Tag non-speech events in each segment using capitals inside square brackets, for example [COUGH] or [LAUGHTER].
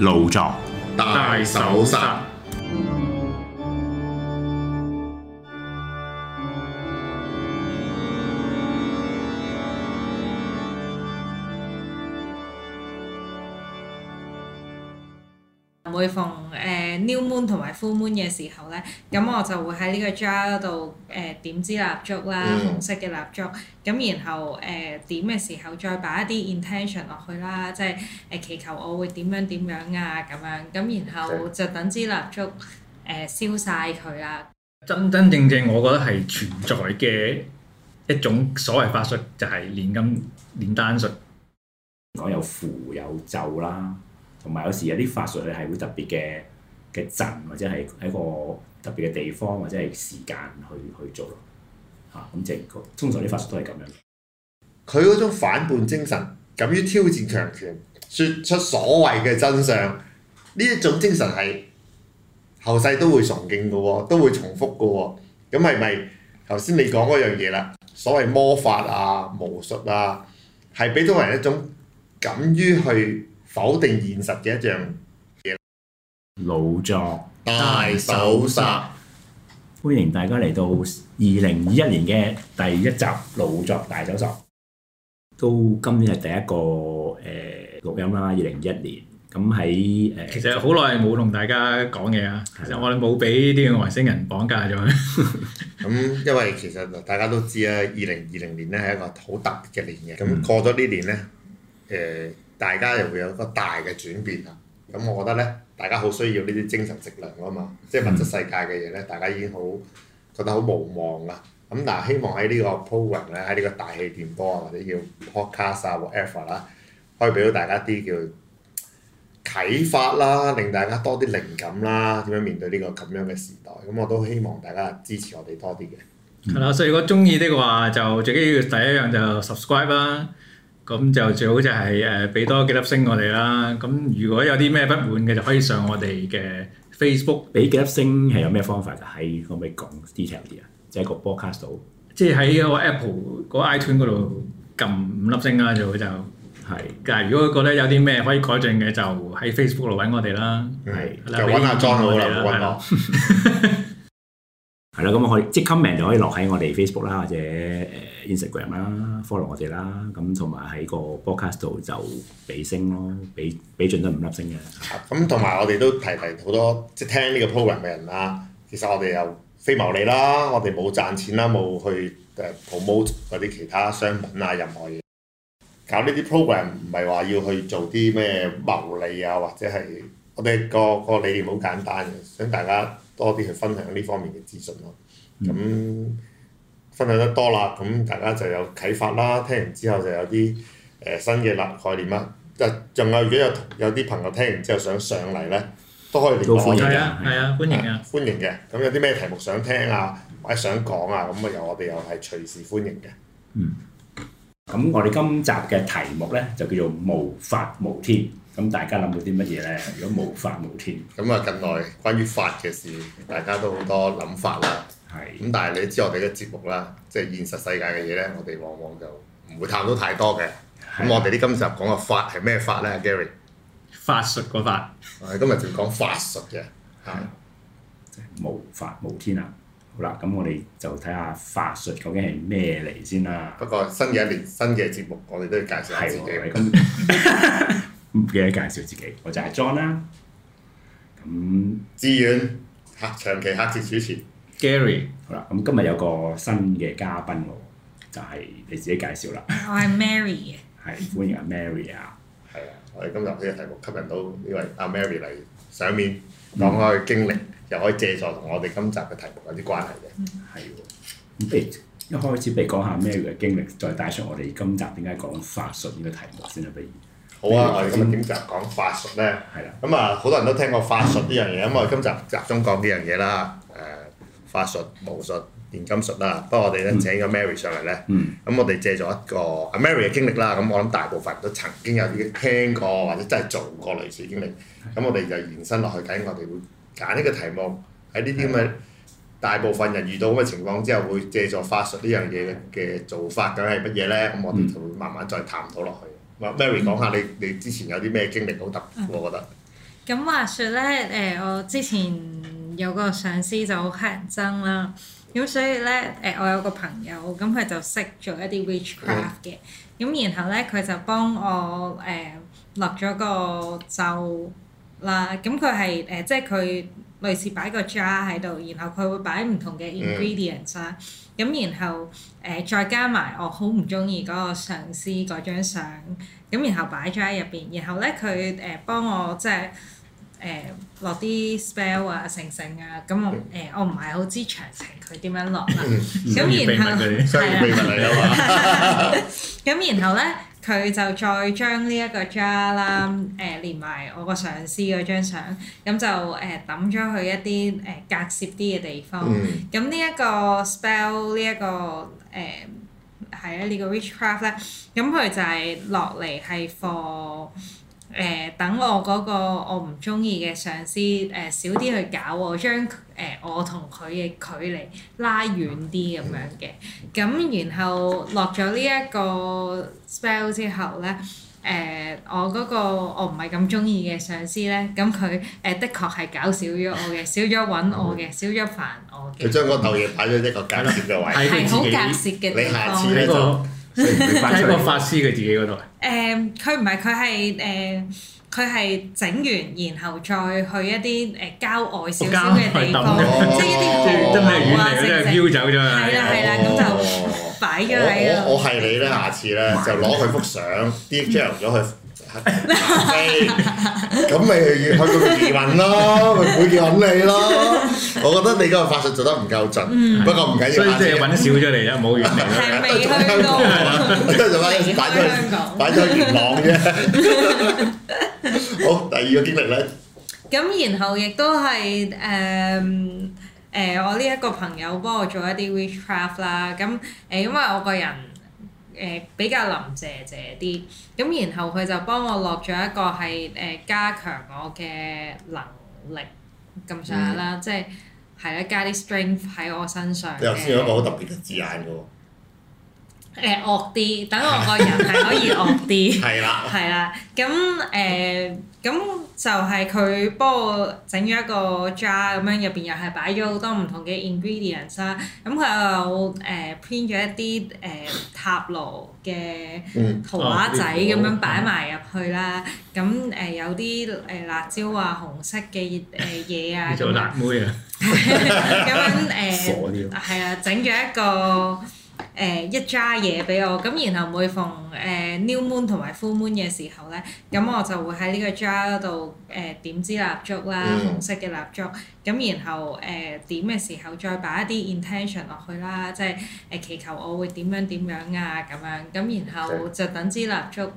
老作大手剎，每逢誒 New Moon 同埋 Full Moon 嘅時候咧，咁我就會喺呢個 jar 度誒點支蠟燭啦，紅色嘅蠟燭。咁、嗯、然後誒、呃、點嘅時候，再擺一啲 intention 落去啦，即係誒祈求我會點樣點樣啊咁樣。咁然後就等支蠟燭誒燒晒佢啦。呃、真真正，正正，我覺得係存在嘅一種所謂法術，就係煉金煉丹術。講有符有咒啦，同埋有，有時有啲法術係會特別嘅。嘅陣，或者係喺一個特別嘅地方，或者係時間去去做咯，吓，咁即係通常啲法術都係咁樣。佢嗰種反叛精神，敢於挑戰強權，説出所謂嘅真相，呢一種精神係後世都會崇敬嘅喎，都會重複嘅喎。咁係咪頭先你講嗰樣嘢啦？所謂魔法啊、巫術啊，係俾到人一種敢於去否定現實嘅一樣。老作大搜索，歡迎大家嚟到二零二一年嘅第一集《老作大搜索》，都今年係第一個誒錄音啦，二零二一年咁喺誒。呃、其實好耐冇同大家講嘢啊，就的我哋冇俾呢啲外星人綁架咗。咁 [LAUGHS] 因為其實大家都知啦，二零二零年咧係一個好特別嘅年嘅咁、嗯、過咗呢年咧誒、呃，大家又會有一個大嘅轉變啊。咁我覺得咧。大家好需要呢啲精神食糧啊嘛，即係物質世界嘅嘢咧，大家已經好覺得好無望啊。咁嗱，希望喺呢個 program 咧，喺呢個大氣電波或者叫 podcast 啊 whatever 啦，可以俾到大家啲叫啟發啦，令大家多啲靈感啦，點樣面對呢個咁樣嘅時代。咁我都希望大家支持我哋多啲嘅。係啦、嗯，所以如果中意呢個話，就最緊要第一樣就 subscribe 啦。咁就最好就係誒俾多幾粒星我哋啦。咁如果有啲咩不滿嘅，就可以上我哋嘅 Facebook 俾幾粒星，係有咩方法？就係可唔可以講 detail 啲啊？就係、即係個 podcast 即係喺個 Apple 個 iTunes 嗰度撳五粒星啦。最好就係。是但係如果覺得有啲咩可以改進嘅，就喺 Facebook 度揾我哋啦。係的，就揾阿莊好啦， [LAUGHS] 係啦，咁我可以即刻名就可以落喺我哋 Facebook、呃、啦，或者誒 Instagram 啦，follow 我哋啦。咁同埋喺個 podcast 度就俾星咯，俾俾盡都五粒星嘅。咁同埋我哋都提提好多即聽呢個 program 嘅人啦、啊。其實我哋又非牟利啦，我哋冇賺錢啦，冇去誒 promote 嗰啲其他商品啊，任何嘢。搞呢啲 program 唔係話要去做啲咩牟利啊，或者係我哋個個理念好簡單嘅，想大家，多啲去分享呢方面嘅資訊咯，咁、嗯、分享得多啦，咁大家就有啟發啦，聽完之後就有啲誒、呃、新嘅立概念啦。就、呃、仲有如果有有啲朋友聽完之後想上嚟咧，都可以聯絡嘅。係、嗯、啊，啊，歡迎嘅、啊。歡迎嘅，咁有啲咩題目想聽啊，或者想講啊，咁啊又我哋又係隨時歡迎嘅。嗯。咁我哋今集嘅題目咧就叫做無法無天。咁大家諗到啲乜嘢咧？如果無法無天，咁啊，近來關於法嘅事，大家都好多諗法啦。係的。咁但係你知我哋嘅節目啦，即係現實世界嘅嘢咧，我哋往往就唔會探到太多嘅。咁的我哋啲今集講嘅法係咩法咧？Gary，法術嗰法。我哋今日就講法術嘅。係。無法無天啊！好啦，咁我哋就睇下法術究竟係咩嚟先啦。不過新嘅一年，新嘅節目，我哋都要介紹下自己。 [LAUGHS] [LAUGHS] 唔記得介紹自己，我就係 John 啦。咁志遠嚇長期客席主持 Gary，好啦。咁、嗯、今日有個新嘅嘉賓㗎，就係、是、你自己介紹啦。我係 Our Mary。 [LAUGHS] 係歡迎阿 Mary 啊。係啊， [LAUGHS] 我哋今集呢個題目吸引到，呢位阿 Mary 嚟上面講開嘅經歷，又、嗯、可以借助同我哋今集嘅題目有啲關係嘅。係喎。不如一開始俾講下 Mary 嘅經歷，再帶出我哋今集點解講法術呢個題目先啦，不如？好啊！我哋今日呢集講法術咧？咁啊的，好多人都聽過法術呢樣嘢，咁我哋今集集中講呢樣嘢啦。誒、呃，法術、巫術、煉金術啦。不過我哋咧請個 Mary 上嚟咧，咁、嗯、我哋借咗一個阿、嗯啊、Mary 嘅經歷啦。咁我諗大部分人都曾經有啲聽過或者真係做過類似經歷。咁我哋就延伸落去，究竟我哋會揀呢個題目喺呢啲咁嘅大部分人遇到咁嘅情況之後，會借咗法術呢樣嘢嘅做法，究竟係乜嘢咧？咁我哋就會慢慢再探討落去。Mary 講下你，你之前有啲咩經歷好特別，我覺得、嗯。咁、嗯嗯、話說咧，誒我之前有個上司就好乞人憎啦，咁所以咧，誒我有個朋友，咁佢就識做一啲 witchcraft 嘅，咁、嗯、然後咧佢就幫我誒落咗個咒啦，咁佢係誒即係佢類似擺個 jar 喺度，然後佢會擺唔同嘅 ingredients 啦、嗯。咁然後誒、呃、再加埋我好唔中意嗰個上司嗰張相，咁然後擺咗喺入邊。然後咧佢誒幫我即係誒落啲 spell 啊、聖聖啊。咁、嗯、我誒、呃、我唔係好知詳情，佢點樣落啦。咁然後係啦。咁 [LAUGHS] [LAUGHS] [LAUGHS] 然後咧。佢就再將呢一個 jar 啦，誒、呃、連埋我個上司嗰張相，咁就誒揼咗去一啲誒隔攝啲嘅地方。咁呢一個 spell 呢、這、一個誒係、呃、啊呢、這個 witchcraft 咧，咁佢就係落嚟係 for。誒等我嗰個我唔中意嘅上司誒少啲去搞我，將誒我同佢嘅距離拉遠啲咁樣嘅。咁然後落咗呢一個 spell 之後咧，誒、欸、我嗰個我唔係咁中意嘅上司咧，咁佢誒的確係搞少咗我嘅，少咗揾我嘅，少咗煩我嘅。佢將嗰豆嘢擺咗一個簡潔嘅位，係好隔涉嘅地方。你下 [LAUGHS] [LAUGHS] 擺個法師佢自己嗰度啊？誒，佢唔係，佢係誒，佢係整完，然後再去一啲誒郊外少少嘅地方，即係一啲真遠離即啲飄走咗啊！係啦係啦，咁就擺咗。係我，我係你咧，下次咧就攞佢幅相，delete 咗佢。咁咪、 [LAUGHS] 哎、去到度移民咯，咪每件揾你咯。我覺得你嗰個法術做得唔夠盡，的不過唔緊要，揾啲少咗嚟啦，冇怨命啦。都做香港，都做翻擺咗去香港，擺咗去元朗啫。 [LAUGHS] 好，第二個經歷咧。咁 [LAUGHS] 然後亦都係誒誒，我呢一個朋友幫我做一啲 witchcraft 啦，咁誒，因為我個人。誒、呃、比較林姐姐啲，咁然後佢就幫我落咗一個係誒、呃、加強我嘅能力咁上下啦，即係係啦加啲 strength 喺我身上。你頭先有個好特別嘅字眼嘅喎。誒、呃、惡啲，等我個人係可以惡啲。係啦 [LAUGHS] 了。係啦， [LAUGHS] 咁、嗯、誒。呃咁就係佢幫我整咗一個 jar 咁樣，入邊又係擺咗好多唔同嘅 ingredients 啦。咁佢又誒編咗一啲誒塔羅嘅圖畫仔咁、嗯啊、樣擺埋入去啦。咁誒、嗯、有啲誒辣椒、嗯、啊、紅色嘅誒嘢啊，做辣妹啊咁誒，係 [LAUGHS] 樣 [LAUGHS] 啊，整咗、啊、一個。誒、呃、一揸嘢俾我，咁然後每逢誒、呃、New Moon 同埋 Full Moon 嘅時候呢，咁我就會喺呢個揸度誒點支蠟燭啦，mm hmm. 紅色嘅蠟燭，咁然後誒、呃、點嘅時候再擺一啲 intention 落去啦，即係誒祈求我會點樣點樣啊咁樣，咁然後就等支蠟燭誒、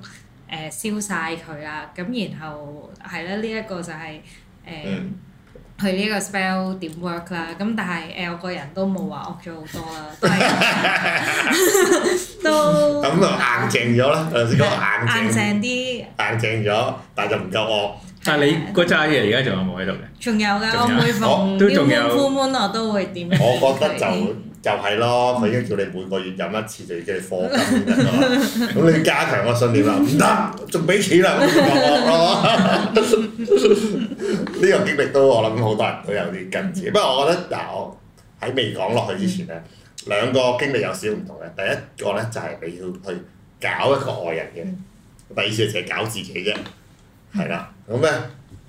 呃、燒晒佢啦，咁然後係啦，呢一、這個就係、是、誒。呃 mm hmm. 佢呢個 spell 點 work 啦，咁但係誒我個人都冇話惡咗好多啦，都咁就硬淨咗啦，有少少硬淨啲，硬淨咗，但係就唔夠惡。但係你嗰扎嘢而家仲有冇喺度嘅？仲有㗎，我每逢啲悶悶我都會點。我覺得就。就係咯，佢已經叫你每個月飲一次，就要叫你課金咁 [LAUGHS] 你加強個信念啦，唔得仲俾錢啦，呢 [LAUGHS] 個經歷都我諗好多人都有啲近似，不過 [LAUGHS] 我覺得嗱，喺未講落去之前咧， [LAUGHS] 兩個經歷有少唔同嘅。第一個咧就係你要去搞一個外人嘅，第二次就係搞自己啫，係啦。咁咧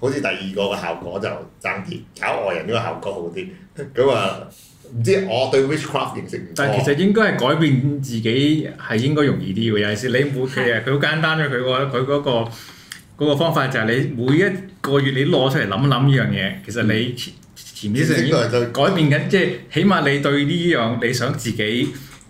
好似第二個嘅效果就爭啲，搞外人呢個效果好啲，咁啊～ [LAUGHS] 唔知我對 witchcraft 認識唔多，但係其實應該係改變自己係應該容易啲嘅。尤其是你冇佢好簡單嘅。佢話、嗰個：佢、嗰、嗰個方法就係你每一個月你攞出嚟諗一諗呢樣嘢。其實你前前邊上已經改變緊，即係 [LAUGHS] 起碼你對呢樣你想自己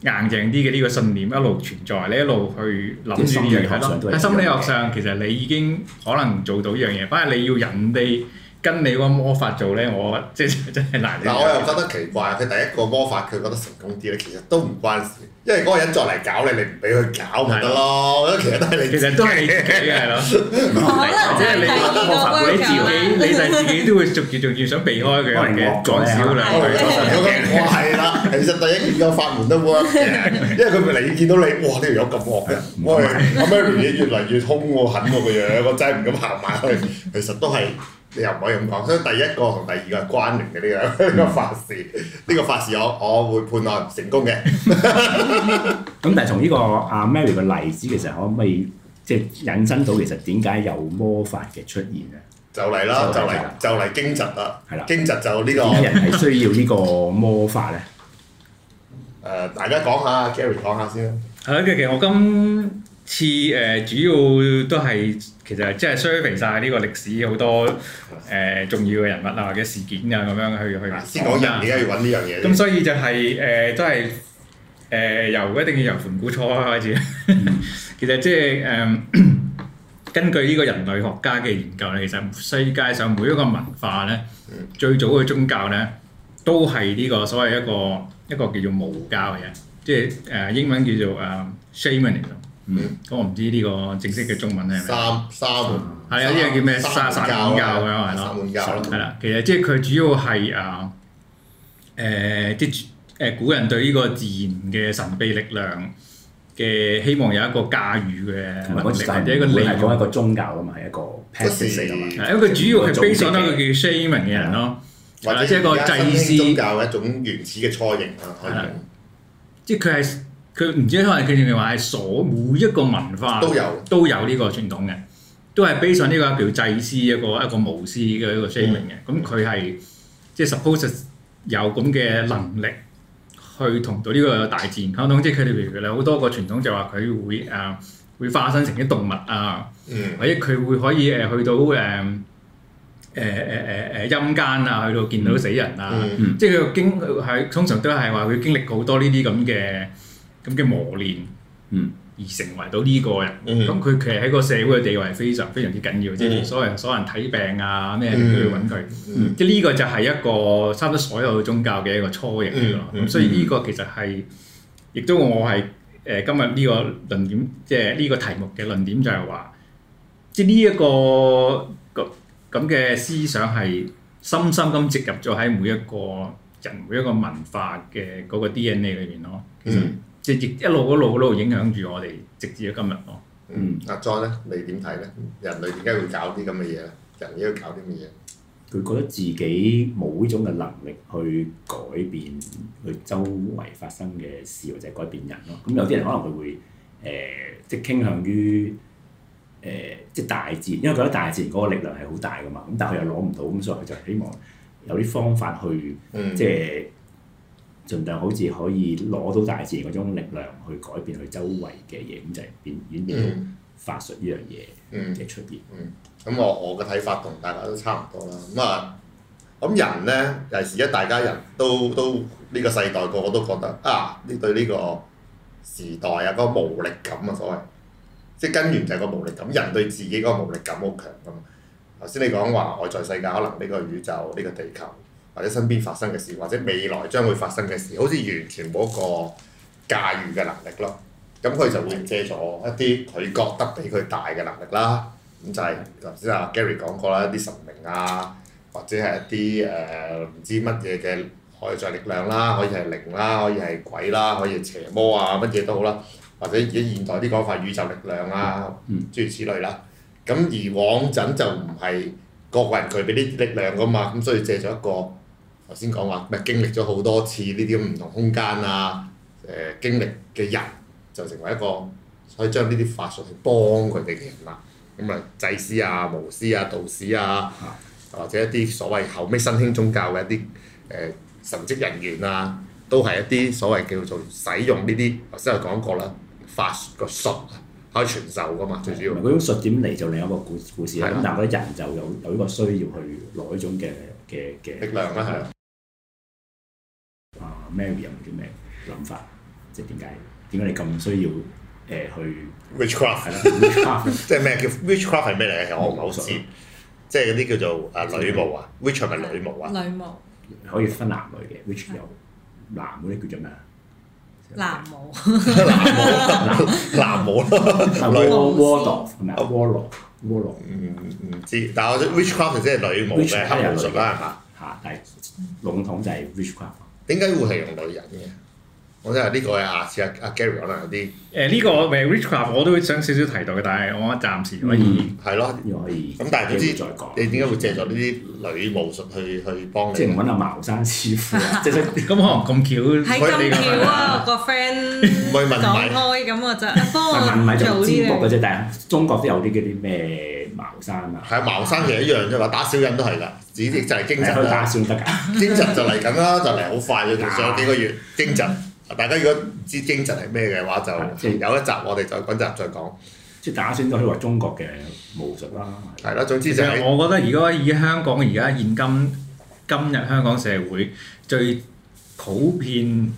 硬淨啲嘅呢個信念一路存在，你一路去諗住呢樣嘢。喺心，心理學上其實你已經可能做到呢樣嘢，反過你要人哋。跟你嗰個魔法做咧，我即係真係難。但我又覺得奇怪，佢第一個魔法佢覺得成功啲咧，其實都唔關事。因為嗰個人再嚟搞你，你唔俾佢搞咪得咯。我覺得其實都係你，其實都係你。可能即係你魔法你自己，你哋自己都會逐漸逐漸想避開佢嘅。講少兩句，我係啦。其實第一見到法門都冇，因為佢嚟見到你，哇！呢條友咁惡嘅，咁樣條友越嚟越兇喎，狠喎個樣，我真係唔敢行埋去。其實都係。你又唔可以咁講，所以第一個同第二個係關聯嘅呢個呢個法事，呢、嗯、個法事我我會判案成功嘅。咁 [LAUGHS] [LAUGHS] 但係從呢個阿 Mary 嘅例子，其實可唔可以即係、就是、引申到其實點解有魔法嘅出現啊了？就嚟啦！了就嚟就嚟驚蟄啦！係啦，驚蟄就呢、這個。啲人係需要呢個魔法咧。誒、 [LAUGHS] 呃，大家講下 Gary 講下先。係啊，其實我今。似誒、呃、主要都係其實即係 survey 曬呢個歷史，好多誒、呃、重要嘅人物啊或者事件啊，咁樣去去先講人，而家要呢樣嘢。咁 [NOISE] [NOISE] 所以就係、是、誒、呃、都係誒、呃、由一定要由盤古初開始。 [LAUGHS] 其實即係誒根據呢個人類學家嘅研究咧，其實世界上每一個文化咧， [NOISE] 最早嘅宗教咧，都係呢個所謂一個一個叫做巫教嘅，人，即係誒、呃、英文叫做誒、uh, Shaman 咁我唔知呢個正式嘅中文係咪？係？三三係啊，呢樣叫咩？沙薩滿教嘅係咯，薩滿教咯。係啦，其實即係佢主要係啊，誒啲誒古人對呢個自然嘅神秘力量嘅希望有一個駕馭嘅，或者或者一個嚟講一個宗教啊嘛，一個 p a t 因為主要係非常 s e 得佢叫 shaman 嘅人咯，即係一個祭師宗教一種原始嘅初形，可以講，即係佢係。佢唔知因為佢哋話係所每一個文化都有都有呢個傳統嘅，都係 base 上呢個譬如祭司一個一個巫師嘅一個 training 嘅。咁佢係即係 suppose 有咁嘅能力去同到呢個大自然溝通，即係佢哋譬如咧，好多個傳統就話佢會誒、啊、會化身成啲動物啊，嗯、或者佢會可以誒去到誒誒誒誒陰間啊，去到見到死人啊。嗯嗯、即係佢經係通常都係話佢經歷好多呢啲咁嘅。咁嘅磨練，嗯，而成為到呢個人，咁佢、嗯、其實喺個社會嘅地位非常非常之緊要，嗯、即係所有人所有人睇病啊咩都要揾佢，嗯、即係呢個就係一個差唔多所有宗教嘅一個雛形咯。咁、嗯嗯、所以呢個其實係，亦都我係誒今日呢個論點，即係呢個題目嘅論點就係話，即係呢一個咁嘅、這個、思想係深深咁植入咗喺每一個人每一個文化嘅嗰個 DNA 裏邊咯，其實、嗯。即係一路一路一路影響住我哋，直至到今日咯。嗯，阿莊咧，你點睇咧？人類點解會搞啲咁嘅嘢咧？人類要搞啲咩嘢？佢覺得自己冇呢種嘅能力去改變佢周圍發生嘅事，或者改變人咯。咁有啲人可能佢會誒、呃，即係傾向於誒、呃，即係大自然，因為覺得大自然嗰個力量係好大㗎嘛。咁但係佢又攞唔到，咁所以佢就希望有啲方法去，嗯、即係。盡量好似可以攞到大自然嗰種力量去改變佢周圍嘅嘢，咁就係、是、變演變到法術依樣嘢嘅出現。咁、嗯嗯嗯、我我嘅睇法同大家都差唔多啦。咁啊，咁人咧，尤其是一大家人都都呢、這個世代個個都覺得啊，呢對呢個時代啊嗰、那個無力感啊所謂，即係根源就係個無力感。人對自己嗰個無力感好強噶嘛。頭先你講話外在世界可能呢個宇宙呢、這個地球。或者身邊發生嘅事，或者未來將會發生嘅事，好似完全冇一個駕馭嘅能力咯。咁佢就會借助一啲佢覺得比佢大嘅能力啦。咁就係頭先阿 Gary 講過啦，一啲神明啊，或者係一啲誒唔知乜嘢嘅外在力量啦，可以係靈啦，可以係鬼啦，可以係邪魔啊乜嘢都好啦，或者而家現代啲講法宇宙力量啦，諸如此類啦。咁而往陣就唔係各個人佢俾啲力量噶嘛，咁所以借助一個。頭先講話唔係經歷咗好多次呢啲唔同空間啊，誒、呃、經歷嘅人就成為一個可以將呢啲法術去幫佢哋嘅人啦。咁啊，祭司啊、巫師啊、道士啊，的或者一啲所謂後尾新興宗教嘅一啲誒神職人員啊，都係一啲所謂叫做使用呢啲頭先我講過啦，法術個術可以傳授㗎嘛，最主要。嗰種術點嚟做另一個故故事咧？咁的但係嗰啲人就有有呢個需要去攞呢種嘅嘅嘅力量啦，係。Mary 有冇啲咩諗法？即係點解？點解你咁需要誒去 witchcraft 係啦，witchcraft 即係咩叫 witchcraft 係咩嚟咧？我唔係好熟。即係嗰啲叫做啊女巫啊 witch 係咪女巫啊？女巫可以分男女嘅 witch 有男嗰啲叫做咩啊？男巫男巫男巫咯，warrior 係咪 w a r l i o r w a r l i o r 唔知，但係我 witchcraft 係即係女巫，咧，黑人術啦嚇嚇，但係籠統就係 witchcraft 點解會係用女人嘅？我真係呢個嘅啊，似啊阿 Gary 可能有啲誒呢個咪 Rich Club 我都想少少提到嘅，但係我暫時可以係咯，可以咁但係點知再講？你點解會借助呢啲女巫術去去幫你？即係揾阿茅山師傅，即係咁可能咁巧喺金橋啊個 friend 唔係文脈，唔係咁我啫，幫我做支脈嘅啫。但中國都有啲嗰啲咩茅山啊？係茅山其實一樣啫嘛，打小人都係啦，只就係驚蟄啦，驚蟄就嚟緊啦，就嚟好快嘅，上幾個月驚蟄。大家如果唔知驚蟄係咩嘅話，就即係有一集我，我哋就嗰集再講。即係打小人可以話中國嘅武術啦。係咯，嗯，總之就係，是。其實我覺得，如果以香港而家現今今日香港社會最普遍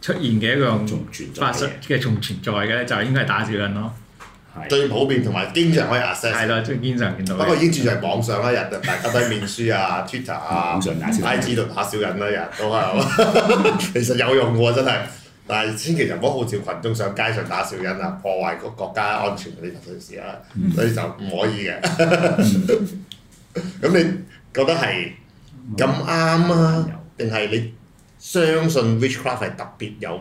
出現嘅一樣法術嘅仲存在嘅咧，就應該係打小人咯。最普遍同埋經常可以 update，係啦，即經常見到。不過已經轉曬網上啦，日就 [LAUGHS] 大家睇面書 [LAUGHS] Twitter，啊、Twitter IG 啊、IG 度打小人啦，日日都係。其實有用喎，真係。但係千祈就唔好號召群眾上街上打小人啊，破壞國國家安全嗰啲類事啊，所以就唔可以嘅。咁你覺得係咁啱啊？定係你相信 Witchcraft 係特別有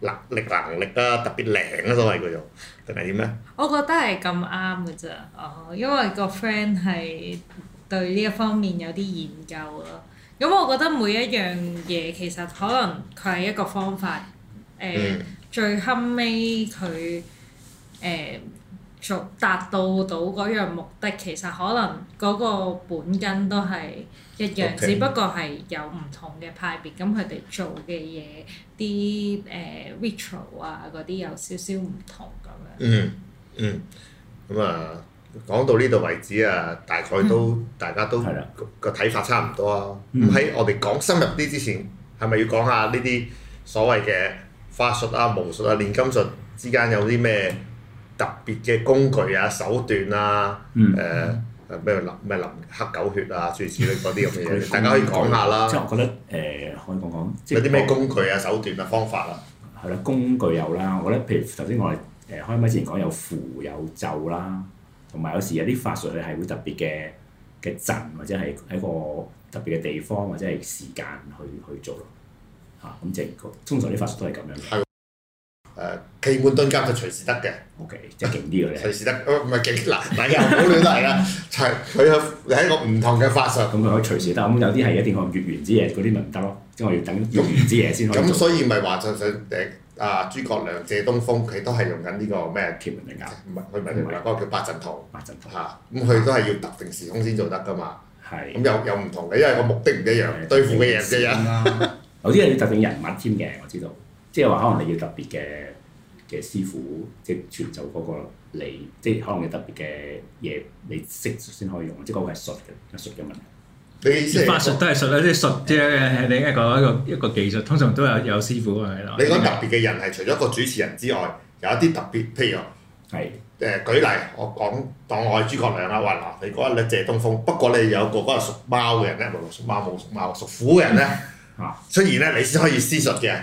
力力能力啊，特別靈啊，所謂佢就？呢我覺得係咁啱嘅咋。哦，因為個 friend 係對呢一方面有啲研究咯。咁我覺得每一樣嘢其實可能佢係一個方法，誒、呃，嗯、最，最後尾，佢、呃、誒做達到到嗰樣目的，其實可能嗰個本根都係一樣，Okay. 只不過係有唔同嘅派別。咁佢哋做嘅嘢，啲誒 ritual 啊嗰啲有少少唔同。嗯嗯，咁、嗯、啊、嗯，講到呢度為止啊，大概都大家都、嗯、個睇法差唔多啊。咁喺、嗯、我哋講深入啲之前，係咪要講下呢啲所謂嘅法術啊、巫術啊、煉金術之間有啲咩特別嘅工具啊、手段啊？嗯。咩、呃、咩林黑狗血啊，諸如此類嗰啲咁嘅嘢，嗯、大家可以講下啦。 [LAUGHS] 有即係我覺得誒、呃，可以講講。即有啲咩工具啊、手段啊、方法啊？係啦，工具有啦，我覺得譬如頭先我哋。誒開咪之前講有符有咒啦，同埋有時有啲法術咧係會特別嘅嘅陣，或者係喺一個特別嘅地方，或者係時間去去做咯嚇，咁即係通常啲法術都係咁樣。嘅。誒奇門遁甲就隨時得嘅。O、okay, K，即係勁啲嘅咧。 [LAUGHS] 隨時得，唔係勁難，大家唔好亂嚟啦。係佢 [LAUGHS] 有喺一個唔同嘅法術。咁佢可以隨時，得。係、嗯、有啲係一定學月圓之夜，嗰啲咪唔得咯。即係我要等月圓之夜先可以。 [LAUGHS] 咁所以咪話就想啊！諸葛亮借東風，佢都係用緊呢個咩？天文嚟㗎，唔係佢唔係話嗰個叫八陣圖，八陣圖吓？咁、啊，佢都係要特定時空先做得噶嘛。係咁有又唔同嘅，因為個目的唔一樣，的對付嘅人嘅人。樣。有啲人要特定人物添嘅，我知道，即係話可能你要特別嘅嘅師傅，即係傳授嗰個你，即係可能係特別嘅嘢，你識先可以用，即係嗰個係術嘅術嘅問題。你法術都係術啦，啲術即係你一個一個一個技術，通常都有有師傅喺度。你講特別嘅人係除咗個主持人之外，有一啲特別，譬如誒是的 舉例，我講當愛諸葛亮啊，話嗱你日咧借東風，不過你有個嗰個屬貓嘅人咧，冇屬貓冇屬貓屬虎嘅人咧出現咧、啊啊，你先可以施術嘅。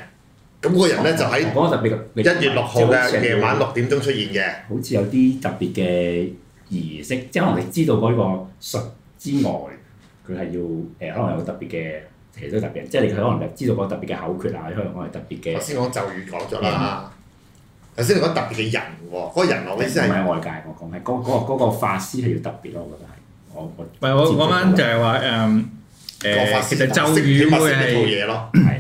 咁嗰人咧就喺一月六號嘅夜晚六點鐘出現嘅。好似有啲特別嘅儀式，即係我哋知道嗰個術之外。 [LAUGHS] 啊佢係要誒，可能有個特別嘅，其實都特別，即係你佢可能係知道個特別嘅口訣啊，或者可能特別嘅。頭先講咒語講咗啦。頭先你講特別嘅人喎，嗰個人我意思唔係外界我講、那個，唔係嗰個法師係要特別咯，我覺得係。我我。我講翻就係話誒誒，其實咒語會係套嘢咯。係。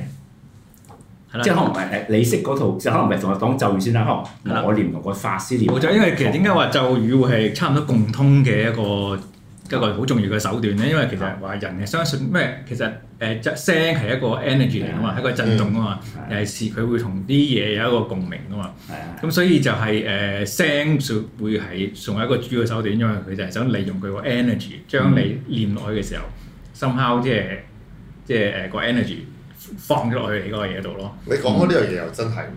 即係、就是、可能唔係你識嗰套，可能唔係同我講咒語先啦。可能、啊、我念同個法師念。因為其實點解話咒語會係差唔多共通嘅一個？ [LAUGHS] 一個好重要嘅手段咧，因為其實話人係相信咩？其實誒，即聲係一個 energy 嚟噶嘛，係、嗯、個震動啊嘛，誒、嗯、尤其是佢會同啲嘢有一個共鳴噶嘛。係啊、嗯，咁所以就係誒聲會係仲係一個主要手段，因為佢就係想利用佢個 energy 將你念落去嘅時候、嗯、somehow 即係即係誒個 energy 放咗落去你嗰個嘢度咯。你講開呢樣嘢又真係喎，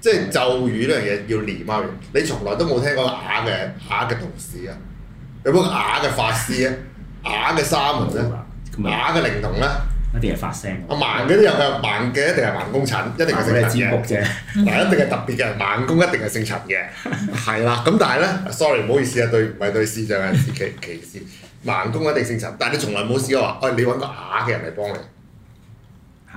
即係、嗯、咒語呢樣嘢要唸啊！你從來都冇聽過啞嘅啞嘅同事啊！有冇個啞嘅法師啊？啞嘅沙門咧，啞嘅靈童咧，一定係發聲。阿 [LAUGHS] 盲嘅都有，佢盲嘅一定係盲公陳，一定係咩？占卜啫！嗱，一定係特別嘅人，盲公，一定係姓陳嘅。係啦，咁但係咧，sorry 唔好意思啊，對唔係對視障有歧歧視。盲公一定姓陳，但係你從來冇試過話，哎你揾個啞嘅人嚟幫你。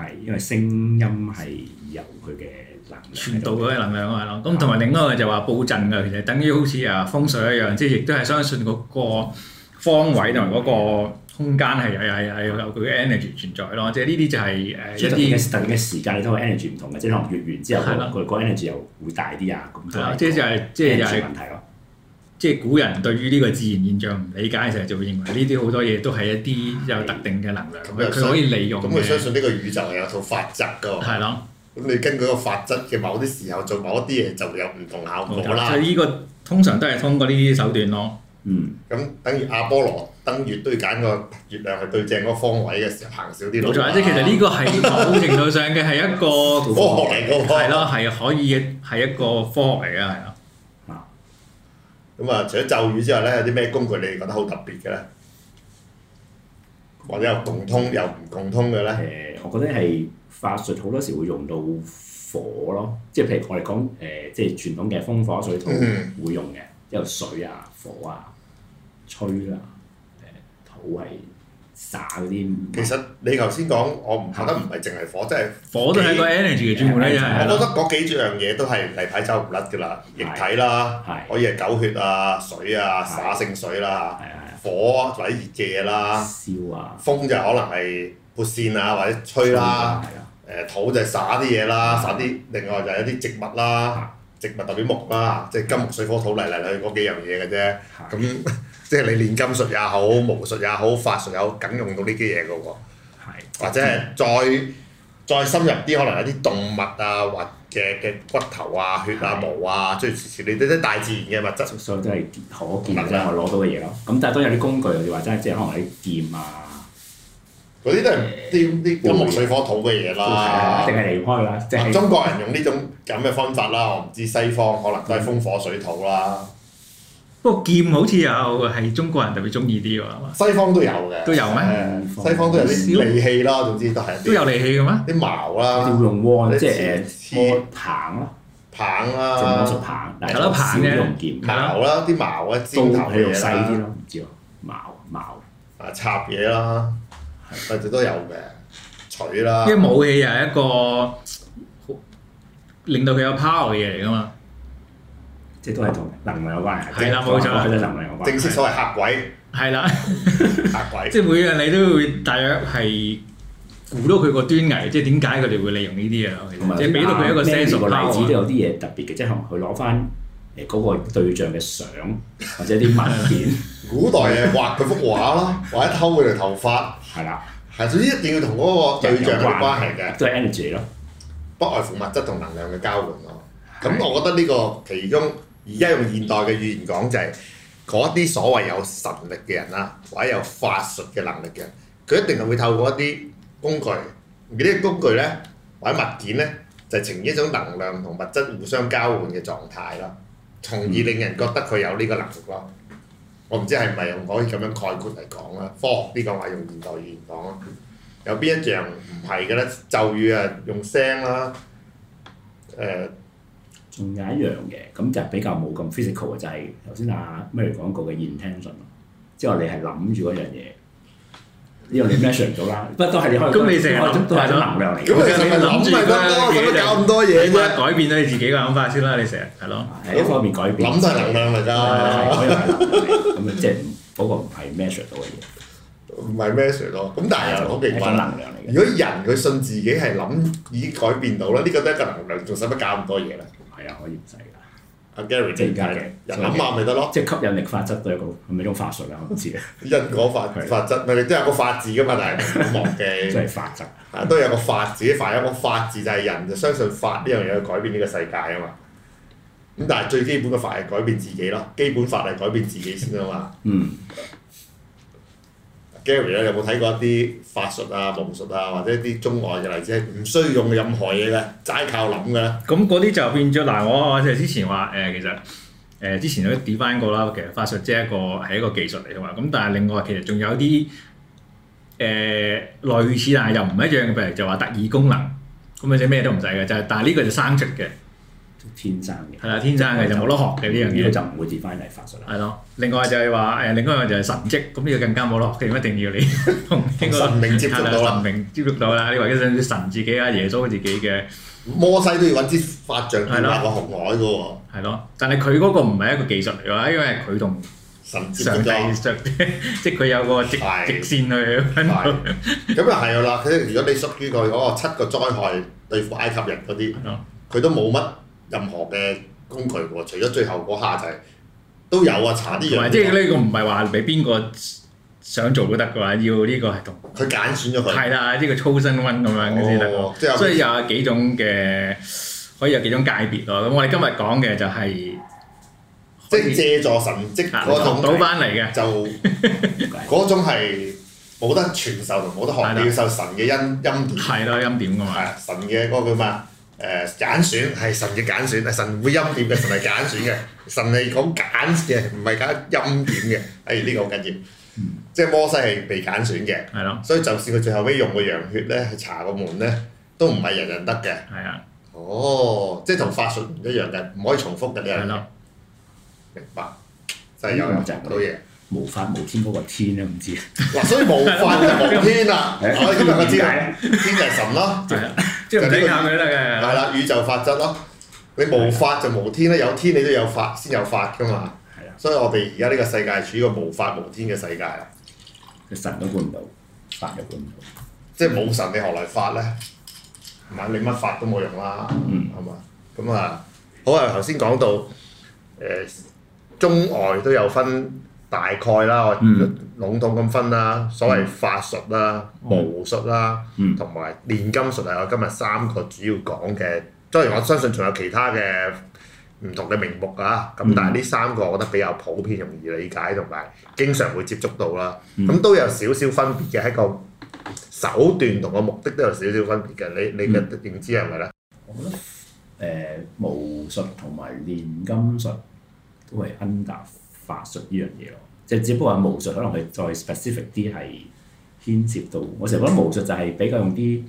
係，因為聲音係由佢嘅。傳導嗰啲能量係咯，咁同埋另外一個就話佈陣嘅，其實等於好似啊風水一樣，即係亦都係相信嗰個方位同埋嗰個空間係係係有佢嘅 energy 存在咯。即係呢啲就係誒一啲特定嘅時間，你睇個 energy 唔同嘅，即係月圓之後，佢的個 energy 又會大啲啊。咁啦，就係就係、即係就係即係就係，即係古人對於呢個自然現象唔理解嘅時候，就會認為呢啲好多嘢都係一啲有特定嘅能量，佢的實可以利用。咁佢相信呢個宇宙係有套法則嘅，係咯的。咁你根據個法則嘅某啲時候做某一啲嘢，就有唔同效果啦。咁啊，呢個通常都係通過呢啲手段咯。嗯。咁，等於阿波羅登月都要揀個月亮係對正嗰個方位嘅時候行少啲路。冇錯，即係其實呢個係某程度上嘅係一個科學嚟嘅係咯，係可以係一個科學嚟嘅，係咯。嗱。咁啊，除咗咒語之外咧，有啲咩工具你哋覺得好特別嘅咧？或者有共通又唔共通嘅咧？Uh, 我覺得係。法術好多時會用到火咯，即係譬如我哋講誒，即係傳統嘅風火水土會用嘅，即係水啊、火啊、吹啊、誒土係灑嗰啲。其實你頭先講，我唔覺得唔係淨係火，即係。火都係一個 element 嘅專門，我覺得嗰幾樣嘢都係例牌走唔甩噶啦，是的 液體啦，可以係狗血啊、水啊、灑聖水啦，是的 火或者熱嘅嘢啦，燒啊，風就可能係撥扇啊名叫或者吹啦。吹啦 誒土就係撒啲嘢啦，撒啲另外就係一啲植物啦，植物代表木啦，即係金木水火土嚟嚟去去嗰幾樣嘢嘅啫。咁即係你煉金術也好，巫術也好，法術又好，梗用到呢啲嘢嘅喎。或者係再再深入啲，可能有啲動物啊，或嘅嘅骨頭啊、血啊、毛啊，即係你哋啲大自然嘅物質，所以都係可見我得我攞到嘅嘢咯。咁但係 LGBTQ. 都有啲工具，或者係即係可能喺劍啊。嗰啲都係啲啲金木水火土嘅嘢啦，一定係離唔開啦。即係、中國人用呢種咁嘅方法啦，我唔知西方可能都係風火水土啦。不過劍好似有係中國人特別中意啲喎。西方都有嘅。都有咩？西方都有啲利器咯，總之都係。都有利器嘅咩？啲矛啦。要用鑊，即係誒。鐵棒咯。棒鵬啦。棒，但用劍。矛，矛啦，啲矛啊，尖頭嘅，啲用細啲囉，唔知，矛矛啊！插嘢啦。係，佢哋都有嘅，取啦。因為武器又係一個令到佢有 power 嘅嘢嚟㗎嘛，即係都係同能量有關係。係啦，冇錯，能量有關。正式所謂黑鬼。係啦，黑鬼。即係每樣你都會大約係估到佢個端倪，即係點解佢哋會利用呢啲啊？即係俾到佢一個 sense power。個例子都有啲嘢特別嘅，即係可能佢攞翻誒嗰個對象嘅相，或者啲文件。古代嘅畫佢幅畫啦，或者偷佢條頭髮。係啦，係，總之的一定要同嗰個對象有關係嘅，即係 energy 咯，不外乎物質同能量嘅交換咯。咁的我覺得呢個其中而家用現代嘅語言講就係嗰啲所謂有神力嘅人啦，或者有法術嘅能力嘅人，佢一定係會透過一啲工具，而呢啲工具咧或者物件咧，就是、呈現一種能量同物質互相交換嘅狀態咯，從而令人覺得佢有呢個能力咯。嗯我唔知係唔係用可以咁樣概括嚟講啦，科學啲講話用現代語言講啦，有邊一樣唔係嘅咧？咒語啊，用聲啦、啊，誒、呃，仲有一樣嘢，咁就比較冇咁 physical 嘅，就係頭先阿 Mary 講過嘅 intention，即係話你係諗住嗰樣嘢。呢樣你 measure 咗啦，不過都係你開開咁你成日諗都係咁多，咁你成日諗咩？咁咪咁多，做乜搞咁多嘢改變咗你自己嘅諗法先啦，你成日係咯，一方面改變。諗係能量嚟㗎。咁即係嗰個唔係 measure 到嘅嘢，唔係 measure 到。咁但係又好奇係能量嚟嘅。如果人佢信自己係諗已經改變到啦，呢個都係一個能量，做使乜搞咁多嘢咧？係啊，可以唔使阿 Gary 正解嘅，人諗下咪得咯。即係吸引力法則都有一個係咪一種法術啊？我唔知因果法法則咪哋都有個法字噶嘛，但係忘記。即係 [LAUGHS] 法則。啊，都有個法字，法有個法字，就係人就相信法呢樣嘢去改變呢個世界啊嘛。咁但係最基本嘅法係改變自己咯，基本法係改變自己先啊嘛。 [LAUGHS] 嗯。Gary 有冇睇過一啲法術啊、巫術啊，或者一啲中外嘅例子？唔需要用任何嘢嘅，齋靠諗嘅。咁嗰啲就變咗嗱，我即係之前話誒、呃，其實誒、呃、之前都跌翻過啦。其實法術即係一個係一,一個技術嚟嘅嘛。咁但係另外其實仲有啲誒、呃、類似，但係又唔一樣嘅，譬如就話特異功能。咁咪即咩都唔使嘅，就係但係呢個就生出嘅。天生嘅係啦，天生嘅就冇得學嘅呢樣嘢，就唔會自翻嚟法術啦。係咯，另外就係話誒，另外就係神蹟，咁要更加冇得學嘅，一定要你同、嗰個、神明接觸到啦，神明接觸到啦。你話啲神自己啊，耶穌自己嘅，摩西都要揾支法杖去拿個紅海嘅喎。係咯，但係佢嗰個唔係一個技術嚟㗎，因為佢同神上帝即係佢有個直是直線去。咁又係啦，佢如果你屬於佢嗰、嗰個、七個災害對付埃及人嗰啲，佢了、嗯、都冇乜任何嘅工具喎，除咗最後嗰下就係都有啊！查啲嘢、啊。即係呢個唔係話俾邊個想做都得嘅話，要呢個係同佢揀選咗佢係啦，呢、呢個粗身温咁樣先得喎。所以有幾種嘅可以有幾種界別咯。咁我哋今日講嘅就係即係借助神蹟行種賭班嚟嘅， [LAUGHS] 就嗰種係冇得傳授同冇得學， [LAUGHS] 的要受神嘅恩恩典。係咯，恩典嘅嘛。神嘅嗰句話。誒揀、呃、選係神嘅揀選，係神會陰點嘅，神係揀選嘅，神係講揀嘅，唔係揀陰點嘅。誒呢、哎這個好緊要，嗯、即係摩西係被揀選嘅，係咯的。所以就算佢最後尾用個羊血咧去查個門咧，都唔係人人得嘅。係啊的。哦，即係同法術唔一樣嘅，唔可以重複嘅，你的明白，真係有賺到嘢。無法無天嗰個天都唔知嗱，所以無法就無天啦。咁啊，知啦，天就係神咯，就係呢個道理嚟嘅，係啦，宇宙法則咯。你無法就無天啦，有天你都有法，先有法噶嘛。係啊，所以我哋而家呢個世界係處於一個無法無天嘅世界啦。神都管唔到，法都管唔到，即係冇神你何來法咧，係嘛？你乜法都冇用啦，係嘛？咁啊，好啊，頭先講到誒中外都有分。大概啦，我籠統咁分啦，所謂法術啦、巫術啦，同埋煉金術係我今日三個主要講嘅。當然我相信仲有其他嘅唔同嘅名目啊，咁但係呢三個我覺得比較普遍、容易理解同埋經常會接觸到啦。咁、嗯、都有少少分別嘅，喺個手段同個目的都有少少分別嘅。你你嘅認知係咪咧？我覺得誒巫、呃、術同埋煉金術都係恩達。法術呢樣嘢咯，即係只不過係巫術可能係再 specific 啲，係牽涉到我成日覺得巫術就係比較用啲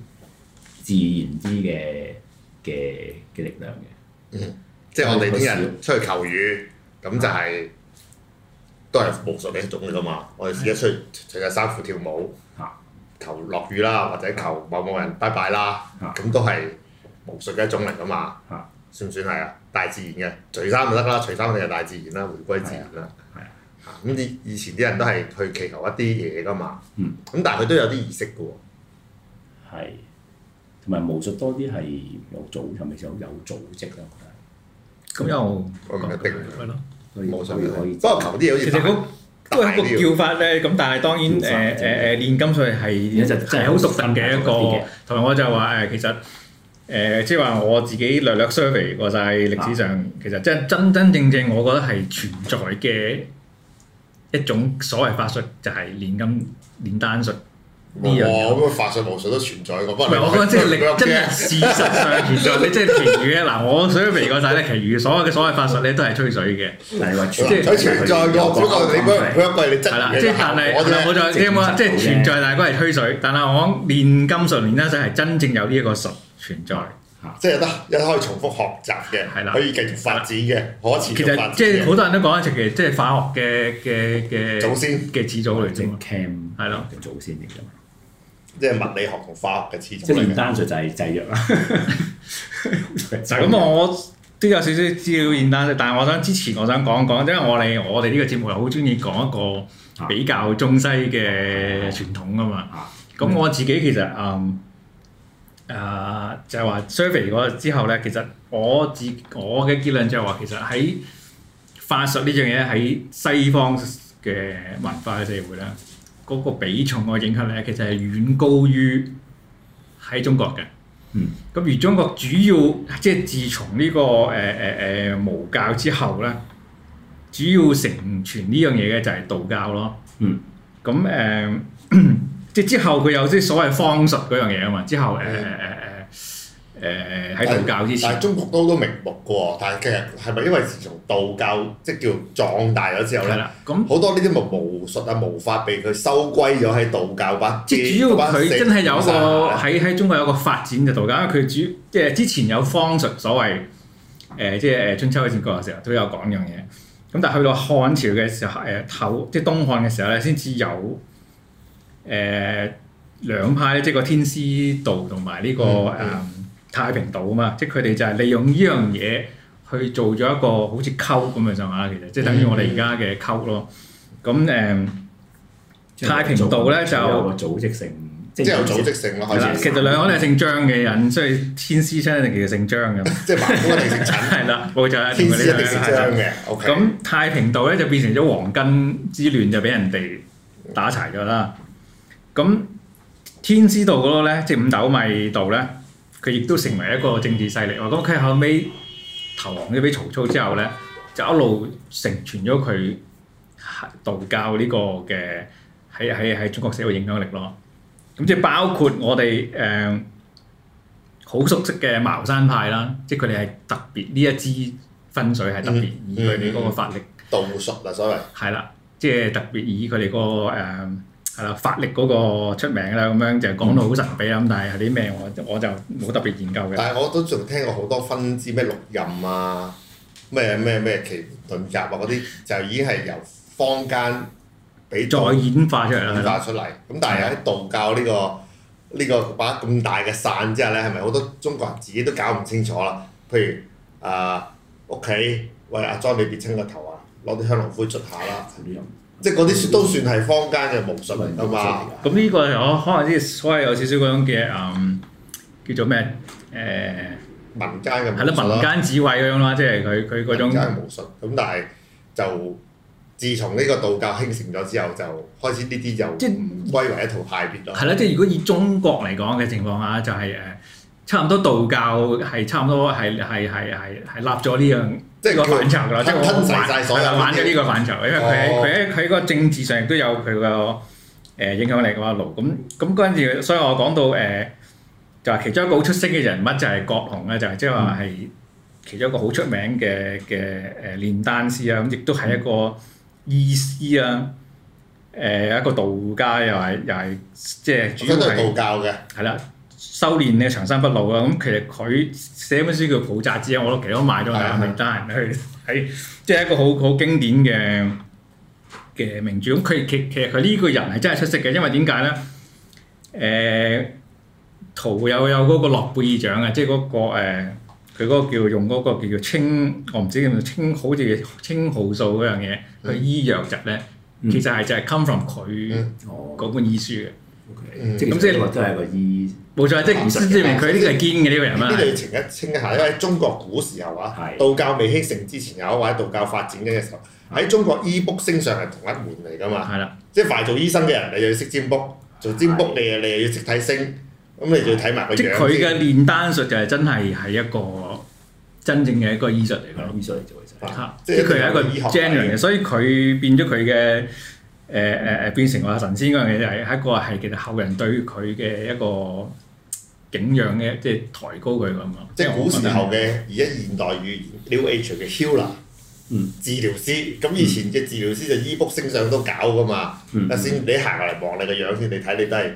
自然啲嘅嘅嘅力量嘅、嗯。即係我哋啲人出去求雨，咁就係、是啊、都係巫術嘅一種嚟噶嘛。啊、我哋自己出去除晒衫褲跳舞，啊、求落雨啦，或者求某某人拜拜啦，咁、啊啊、都係巫術嘅一種嚟噶嘛。啊啊啊算唔算係啊？大自然嘅除衫就得啦，除衫肯定係大自然啦，回歸自然啦。係啊。咁以以前啲人都係去祈求一啲嘢㗎嘛。咁但係佢都有啲儀式嘅喎。係。同埋巫術多啲係有組，係咪有有組織咧？咁又。係咯，巫術可以。不過求啲好似。其實嗰都係個叫法咧，咁但係當然誒誒誒，煉金術係係好熟性嘅一個。同埋我就話誒，其實。誒，即係話我自己略略 survey 過晒，歷史上，其實真真真正正，我覺得係存在嘅一種所謂法術，就係煉金煉丹術呢樣。哇！咁個法術無術都存在過，唔係我覺得即係歷即係事實上存在。你即係其餘嗱，我 survey 過晒咧，其餘所有嘅所謂法術咧，都係吹水嘅，係話即係存在過。不過你唔好唔好貴，即係但係，我再即係存在，但係都係吹水。但係我講煉金術、煉丹術係真正有呢一個術。存在嚇，啊、即係得一可以重複學習嘅，係啦、啊，可以繼續發展嘅，啊、可持續發展嘅。其實即係好多人都講一直嘅，即係化學嘅嘅嘅祖先嘅始祖嚟，即 cam 係咯，嘅祖先嚟嘅。即係物理學同化學嘅始祖。即係唔單純就係製藥啦、啊。咁 [LAUGHS] 我都有少少資料，唔單但係我想之前我想講講，因為我哋我哋呢個節目係好中意講一個比較中西嘅傳統啊嘛。咁、啊啊啊、我自己其實嗯。誒、uh, 就係話 survey 過之後咧，其實我自我嘅結論就係話，其實喺法術呢樣嘢喺西方嘅文化嘅社會咧，嗰、那個比重嘅影響咧，其實係遠高於喺中國嘅。嗯，咁而中國主要即係、就是、自從呢、這個誒誒誒無教之後咧，主要承傳呢樣嘢嘅就係道教咯。嗯，咁誒。Uh, [COUGHS] 即係之後佢有啲所謂方術嗰樣嘢啊嘛，之後誒誒誒誒喺道教之前，但係中國都好多名目嘅，但係其實係咪因為自從道教即係叫壯大咗之後咧？咁好多呢啲咪巫術啊、魔法被佢收歸咗喺道教，班？即係主要佢真係有一個喺喺中國有一個發展嘅道教，因為佢主即係之前有方術，所謂誒、呃、即係誒春秋戰國嘅時候都有講樣嘢，咁但係去到漢朝嘅時候誒頭、呃、即係東漢嘅時候咧先至有。誒兩派即係個天師道同埋呢個誒太平道啊嘛，即係佢哋就係利用呢樣嘢去做咗一個好似溝咁嘅嘢啦，其實即係等於我哋而家嘅溝咯。咁誒太平道咧就即係組織性，即係有組織性咯。其實兩個都係姓張嘅人，所以天師張定其實姓張嘅，即係麻姑定石陳。係啦，冇錯，天師一定係姓張嘅。O K。咁太平道咧就變成咗黃巾之亂，就俾人哋打柴咗啦。咁天師道嗰個咧，即係五斗米道咧，佢亦都成為一個政治勢力。咁佢後尾投降咗俾曹操之後咧，就一路成全咗佢道教呢個嘅喺喺喺中國社會影響力咯。咁即係包括我哋誒好熟悉嘅茅山派啦，即係佢哋係特別呢一支分水係特別以佢哋嗰個法力、嗯嗯嗯、道術啊，所謂係啦，即係特別以佢哋個誒。嗯係啦，法力嗰個出名啦，咁樣就講到好神秘啦。咁、嗯、但係係啲咩我我就冇特別研究嘅。但係我都仲聽過好多分支咩六壬啊，咩咩咩奇遁甲啊嗰啲，就已經係由坊間俾再演化出嚟。演化出嚟。咁的但係喺道教呢、呢個呢、呢個把咁大嘅傘之下咧，係咪好多中國人自己都搞唔清楚啦？譬如啊，屋、okay, 企喂阿莊你別清個頭啊，攞啲香爐灰捽下啦。嗯即係嗰啲都算係坊間嘅巫術嚟㗎嘛，咁呢個我可能啲，所、嗯、能、嗯嗯嗯、有少少嗰種嘅誒，叫做咩？誒、呃、民間嘅係咯，民間智慧咁樣咯，即係佢佢嗰種民間嘅巫術。咁但係就自從呢個道教興盛咗之後，就開始呢啲就即係歸為一套派別咗。係啦、嗯 [LAUGHS] 嗯，即係如果以中國嚟講嘅情況下、就是，就係誒。差唔多道教係差唔多係係係係係立咗呢樣即係個範疇㗎啦，即係玩曬所有玩咗呢個範疇，因為佢佢喺佢喺個政治上都有佢個誒影響力㗎嘛。盧咁咁嗰陣時，所以我講到誒、呃、就係、是、其中一個好出色嘅人物就係葛洪咧，就係即係話係其中一個好出名嘅嘅誒煉丹師啊，咁亦都係一個醫師啊，誒、呃、一個道家又係又係即係主要係道教嘅，係啦。修煉咧長生不老啊！咁其實佢寫本書叫《抱朴子》，我都幾多買咗嘅，咪單人去睇， [LAUGHS] 即係一個好好經典嘅嘅名著。咁佢其其實佢呢個人係真係出色嘅，因為點解咧？誒、欸，屠又有嗰個諾貝爾獎啊！即係嗰、那個佢嗰、呃、個叫用嗰個叫做青，我唔知叫青，好似青蒿素嗰樣嘢，佢醫藥術咧，嗯、其實係就係、是、come from 佢嗰本醫書嘅。咁即係真係一個醫，冇錯，即係即係證明佢呢個係堅嘅呢個人啦。呢度要澄清一下，因為中國古時候啊，道教未興盛之前，又或者道教發展嘅時候，喺中國醫卜星相係同一門嚟噶嘛。係啦，即係凡做醫生嘅人，你又要識占卜，做占卜你啊，你又要識睇星，咁你就要睇埋個樣。即係佢嘅煉丹術就係真係係一個真正嘅一個醫術嚟㗎，醫術嚟做嘅啫。嚇，即係佢係一個 genius 嘅，所以佢變咗佢嘅。誒誒誒變成話神仙嗰樣嘢，就係一個係其實後人對佢嘅一個景仰嘅，即係抬高佢咁咯。即係古時候嘅，而家、嗯、現，現代語言，New Age 嘅 healer，治療師。咁以前嘅治療師就醫卜星相都搞噶嘛，啊、嗯、先你行嚟望你個樣先，你睇你都係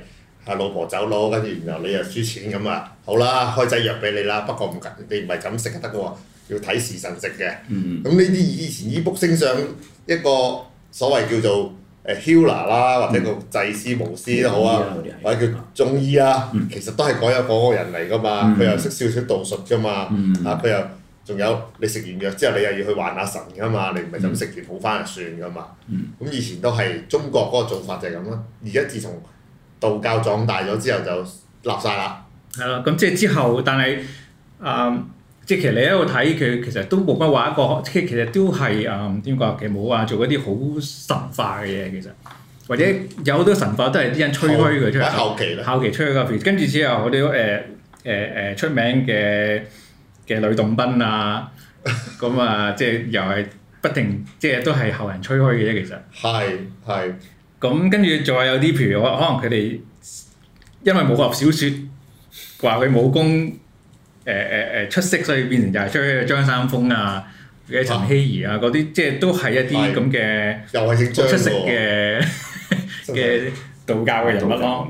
嚇老婆走佬，跟住然後你又輸錢咁啊。好啦，開劑藥俾你啦，不過唔緊，你唔係咁食就得嘅喎，要睇時辰食嘅。咁呢啲以前醫卜星相一個所謂叫做。誒 Healer 啦，aler，或者個祭司巫師都好啊，或者叫中醫啊，嗯、其實都係講一個人嚟噶嘛，佢、嗯、又識少少道術㗎嘛，嗯、啊佢又仲有你食完藥之後，你又要去還下神㗎嘛，嗯、你唔係咁食完好返就算㗎嘛，咁、嗯、以前都係中國嗰個做法就係咁咯，而家自從道教壯大咗之後就立晒啦。係咯、嗯，咁即係之後，但係誒。嗯即係其實你喺度睇佢，其實都冇乜話一個，即係其實都係啊點講，啊就是就是？其實冇話做一啲好神化嘅嘢，其實或者有好多神化都係啲人吹開佢出嚟。後期啦，後期吹個片，跟住之後我哋誒誒誒出名嘅嘅呂洞賓啊，咁啊，即係又係不停，即係都係後人吹開嘅啫。其實係係，咁跟住再有啲譬如我可能佢哋因為武俠小説話佢武功。誒誒誒出色，所以變成就係張張三豐啊，嘅陳希夷啊嗰啲、啊，即係都係一啲咁嘅又係出色嘅嘅、啊、 [LAUGHS] 道教嘅人物咯。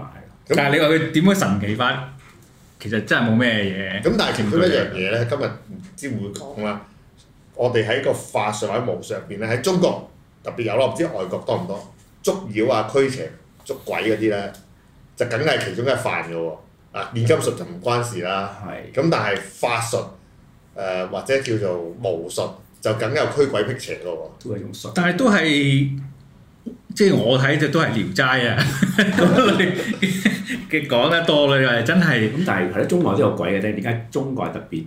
但係你話佢點樣神奇法，其實真係冇咩嘢。咁、嗯、但係其中一樣嘢咧，今日唔知會講啦。我哋喺個法術或者巫術上邊咧，喺中國特別有咯，唔知外國多唔多？捉妖啊、驅邪、捉鬼嗰啲咧，就梗係其中一範嘅喎。啊！煉金術就唔關事啦，咁是但係法術，誒、呃、或者叫做巫術，就梗有驅鬼辟邪咯。都係用術。但係都係，即係我睇就都係聊齋啊嘅講 [LAUGHS] [LAUGHS] [LAUGHS] 得多啦，又係真係。咁 [LAUGHS] 但係係咯，中國都有鬼嘅啫，點解中國係特別？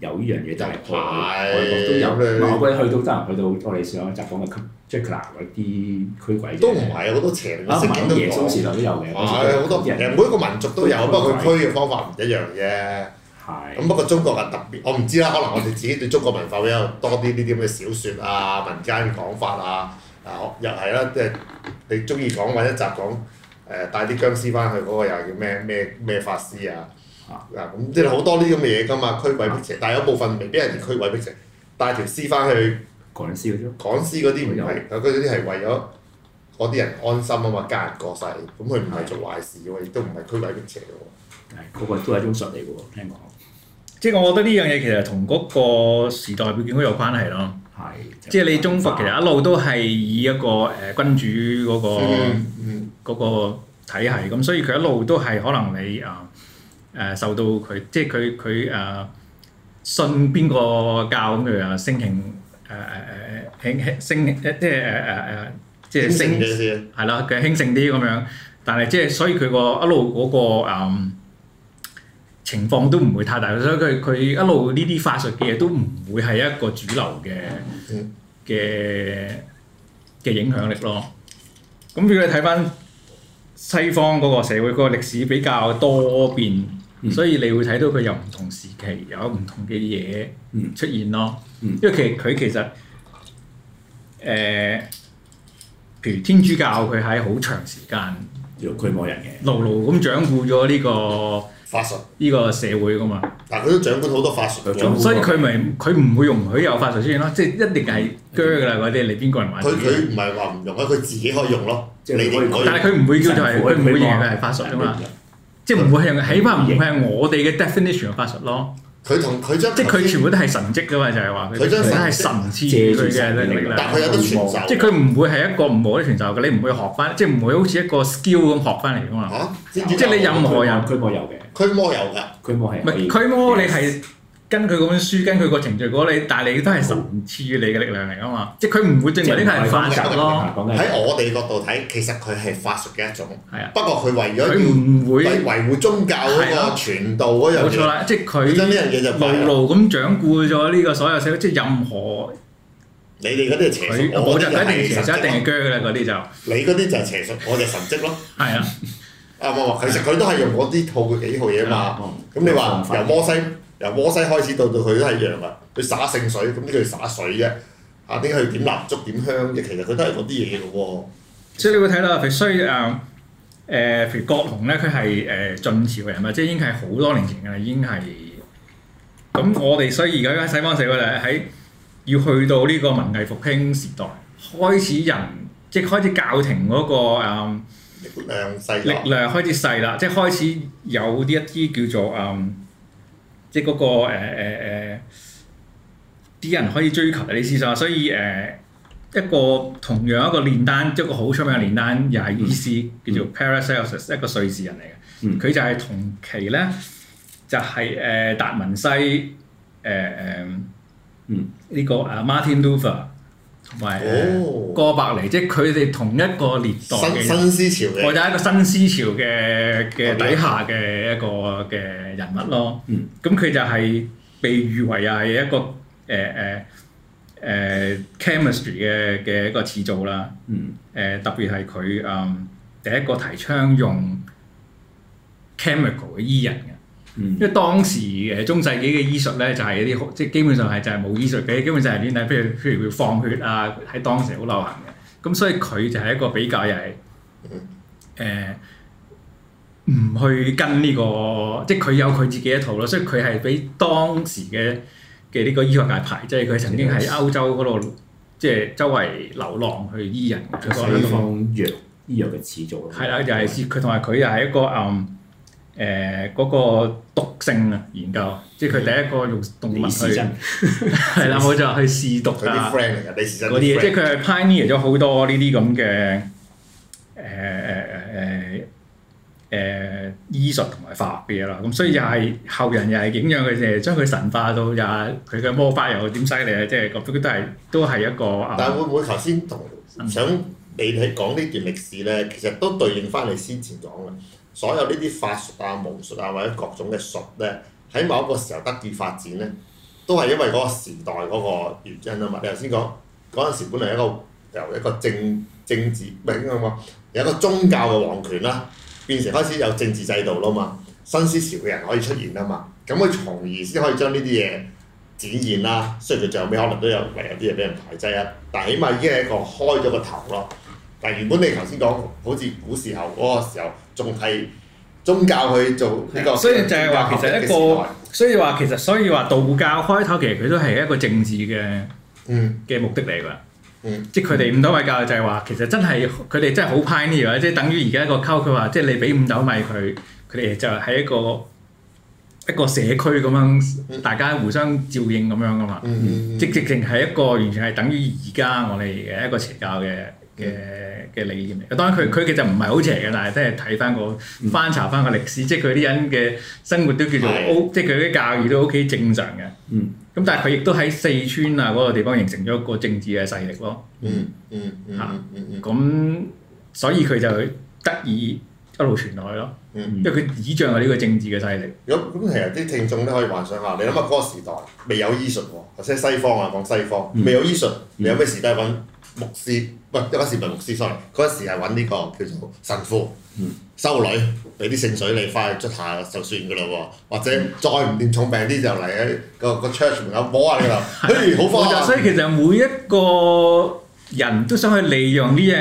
有呢樣嘢就係外國都有嘅。唔係，去到真係去到我哋上集講嘅吸 j o k 嗰啲驅鬼。都唔係啊！好多邪靈啊，唔係耶穌時代都有嘅？係好多，其實每一個民族都有，不過佢驅嘅方法唔一樣嘅。係。咁不過中國係特別，我唔知啦。可能我哋自己對中國文化比較多啲呢啲咁嘅小説啊、民間嘅講法啊。啊，又係啦，即係你中意講或者集講誒帶啲僵屍翻去嗰個又係叫咩咩咩法師啊？嗱咁即係好多呢啲咁嘅嘢㗎嘛，驅鬼辟邪，但係有部分未必係驅鬼辟邪，帶條屍翻去趕屍嗰啲咯。趕屍嗰啲唔係，佢嗰啲係為咗嗰啲人安心啊嘛，家人過世，咁佢唔係做壞事喎，亦都唔係驅鬼辟邪喎。嗰個都係一種術嚟嘅喎，聽講。即係我覺得呢樣嘢其實同嗰個時代背景都有關係咯。係。即係你中國其實一路都係以一個誒君主嗰個嗰個體系咁，所以佢一路都係可能你啊。誒受到佢，即係佢佢誒信邊個教咁樣啊？性情誒誒誒興興即係誒誒誒即係興盛啲係啦，佢興盛啲咁樣。但係即係所以佢、個一路嗰個、誒、情況都唔會太大，所以佢佢一路呢啲法術嘅嘢都唔會係一個主流嘅嘅嘅影響力咯。咁如果你睇翻西方嗰個社會嗰個歷史比較多變。所以你會睇到佢有唔同時期有唔同嘅嘢出現咯，嗯、因為其實佢其實誒，譬如天主教佢喺好長時間要驅魔人嘅，牢牢咁掌管咗呢個法術呢個社會噶嘛。但係佢都掌管好多法術，所以佢咪佢唔會容許有法術出現咯，即係一定係鋸㗎啦啲，你邊個人玩？佢唔係話唔用啊，佢自己可以用咯，即係是你可以改用神父可以用嘅法術啊嘛。即係唔會係，起碼唔會係我哋嘅 definition 嘅法術咯。佢同佢即係佢全部都係神蹟噶嘛，就係話佢將神賜予佢嘅力量，但係佢有得傳授。即係佢唔會係一個唔好嘅傳授嘅，你唔會學翻，即係唔會好似一個 skill 咁學翻嚟噶嘛。即係你任何人，驅魔有嘅，驅魔有嘅，驅魔係唔係驅魔你係？根據嗰本書，根據個程序，果你，但係你都係神賜於你嘅力量嚟啊嘛！即係佢唔會證明呢啲係法術咯。喺我哋角度睇，其實佢係法術嘅一種。係啊，不過佢為咗佢唔會維護宗教嗰個傳道嗰樣嘢。冇錯啦，即係佢真呢樣嘢就暴露咁掌管咗呢個所有社會，即係任何你哋嗰啲邪術，我冇定其實一定係鋸啦嗰啲就。你嗰啲就係邪術，我就神蹟咯。係啊，啊冇係，其實佢都係用嗰啲套嘅幾號嘢啊嘛。咁你話由摩西。由窩西開始到到佢都係一樣啊！佢灑聖水，咁呢佢灑水啫。啊，點解佢點蠟燭、點香啫？其實佢都係嗰啲嘢嘅喎。所以你會睇啦，譬如誒，誒、呃、譬如葛洪咧，佢係誒晉朝人物，即係已經係好多年前嘅，已經係。咁我哋所以而家西方社會咧，喺要去到呢個文藝復興時代，開始人即係開始教廷嗰、嗰個、呃、力量細，力量開始細啦，即係開始有啲一啲叫做誒。嗯即係、那、嗰個誒誒啲人可以追求啲思想，所以誒、呃、一個同樣一個煉丹，即一個好出名嘅煉丹又係醫師，叫做 Paracelsus，、嗯、一個瑞士人嚟嘅，佢、嗯、就係同期咧，就係、是、誒、呃、達文西誒誒，呢、呃呃嗯這個啊 Martin Luther。同埋、嗯、過百釐，即係佢哋同一個年代新，新思潮，嘅，或者一個新思潮嘅嘅底下嘅一個嘅人物咯。咁佢、嗯、就係被譽為係一個誒誒誒 chemistry 嘅嘅一個始祖啦。誒、呃、特別係佢誒第一個提倡用 chemical 嘅醫人。嗯、因為當時誒中世紀嘅醫術咧，就係、是、一啲即係基本上係就係冇醫術嘅，基本上係亂嚟。譬如譬如佢放血啊，喺當時好流行嘅。咁所以佢就係一個比較又係誒唔去跟呢、這個，即係佢有佢自己一套咯。所以佢係俾當時嘅嘅呢個醫學界排，即係佢曾經喺歐洲嗰度即係周圍流浪去醫人，以去放藥醫藥嘅始祖咯。係、就、啦、是，又係佢同埋佢又係一個誒。嗯誒嗰個毒性啊，研究即係佢第一個用動物去係啦，我就去試毒。嗰啲 friend 李時珍啲嘢，即係佢係 pioneer 咗好多呢啲咁嘅誒誒誒誒誒醫術同埋化學嘅嘢啦。咁所以又係後人又係景仰佢哋，將佢神化到又係佢嘅魔法又點犀利咧？即係個都係都係都係一個。呃、但係會唔會頭先同唔想你哋講呢段歷史咧？其實都對應翻你先前講嘅。所有呢啲法術啊、巫術啊，或者各種嘅術咧，喺某一個時候得以發展咧，都係因為嗰個時代嗰個原因啊嘛。你頭先講嗰陣時本嚟一個由一個政治政治唔係點講，有一個宗教嘅皇權啦、啊，變成開始有政治制度啦嘛，新思潮嘅人可以出現啦嘛。咁佢從而先可以將呢啲嘢展現啦。雖然最後尾可能都有，唯有啲嘢俾人排擠啊。但起碼已經係一個開咗個頭咯。但係原本你頭先講好似古時候嗰個時候。仲係宗教去做呢個，所以就係話其實一個，所以話其實，所以話道教開頭其實佢都係一個政治嘅嘅、嗯、目的嚟㗎。嗯、即係佢哋五斗米教就係話其實真係佢哋真係好 pining 㗎，即係等於而家一個溝。佢話即係你俾五斗米佢，佢哋就係一個一個社區咁樣，大家互相照應咁樣㗎嘛。嗯、即直情係一個完全係等於而家我哋嘅一個邪教嘅。嘅嘅理念嚟，當然佢佢其實唔係好邪嘅，但係都係睇翻個翻查翻個歷史，即係佢啲人嘅生活都叫做即係佢啲教義都 OK 正常嘅。咁但係佢亦都喺四川啊嗰個地方形成咗一個政治嘅勢力咯。咁所以佢就得以一路傳落去咯。因為佢倚仗係呢個政治嘅勢力。咁其實啲聽眾都可以幻想下，你諗下嗰個時代未有醫術喎，即係西方啊講西方未有醫術，你有咩事都係揾牧師。喂，嗰時咪牧師 Sorry，嗰時係揾呢個叫做神父、修女，俾啲聖水你翻去捽下就算㗎啦喎，或者再唔掂重病啲就嚟喺個個 church 門口摸下你， [LAUGHS] 的嘿好方便啊。所以其實每一個人都想去利用呢樣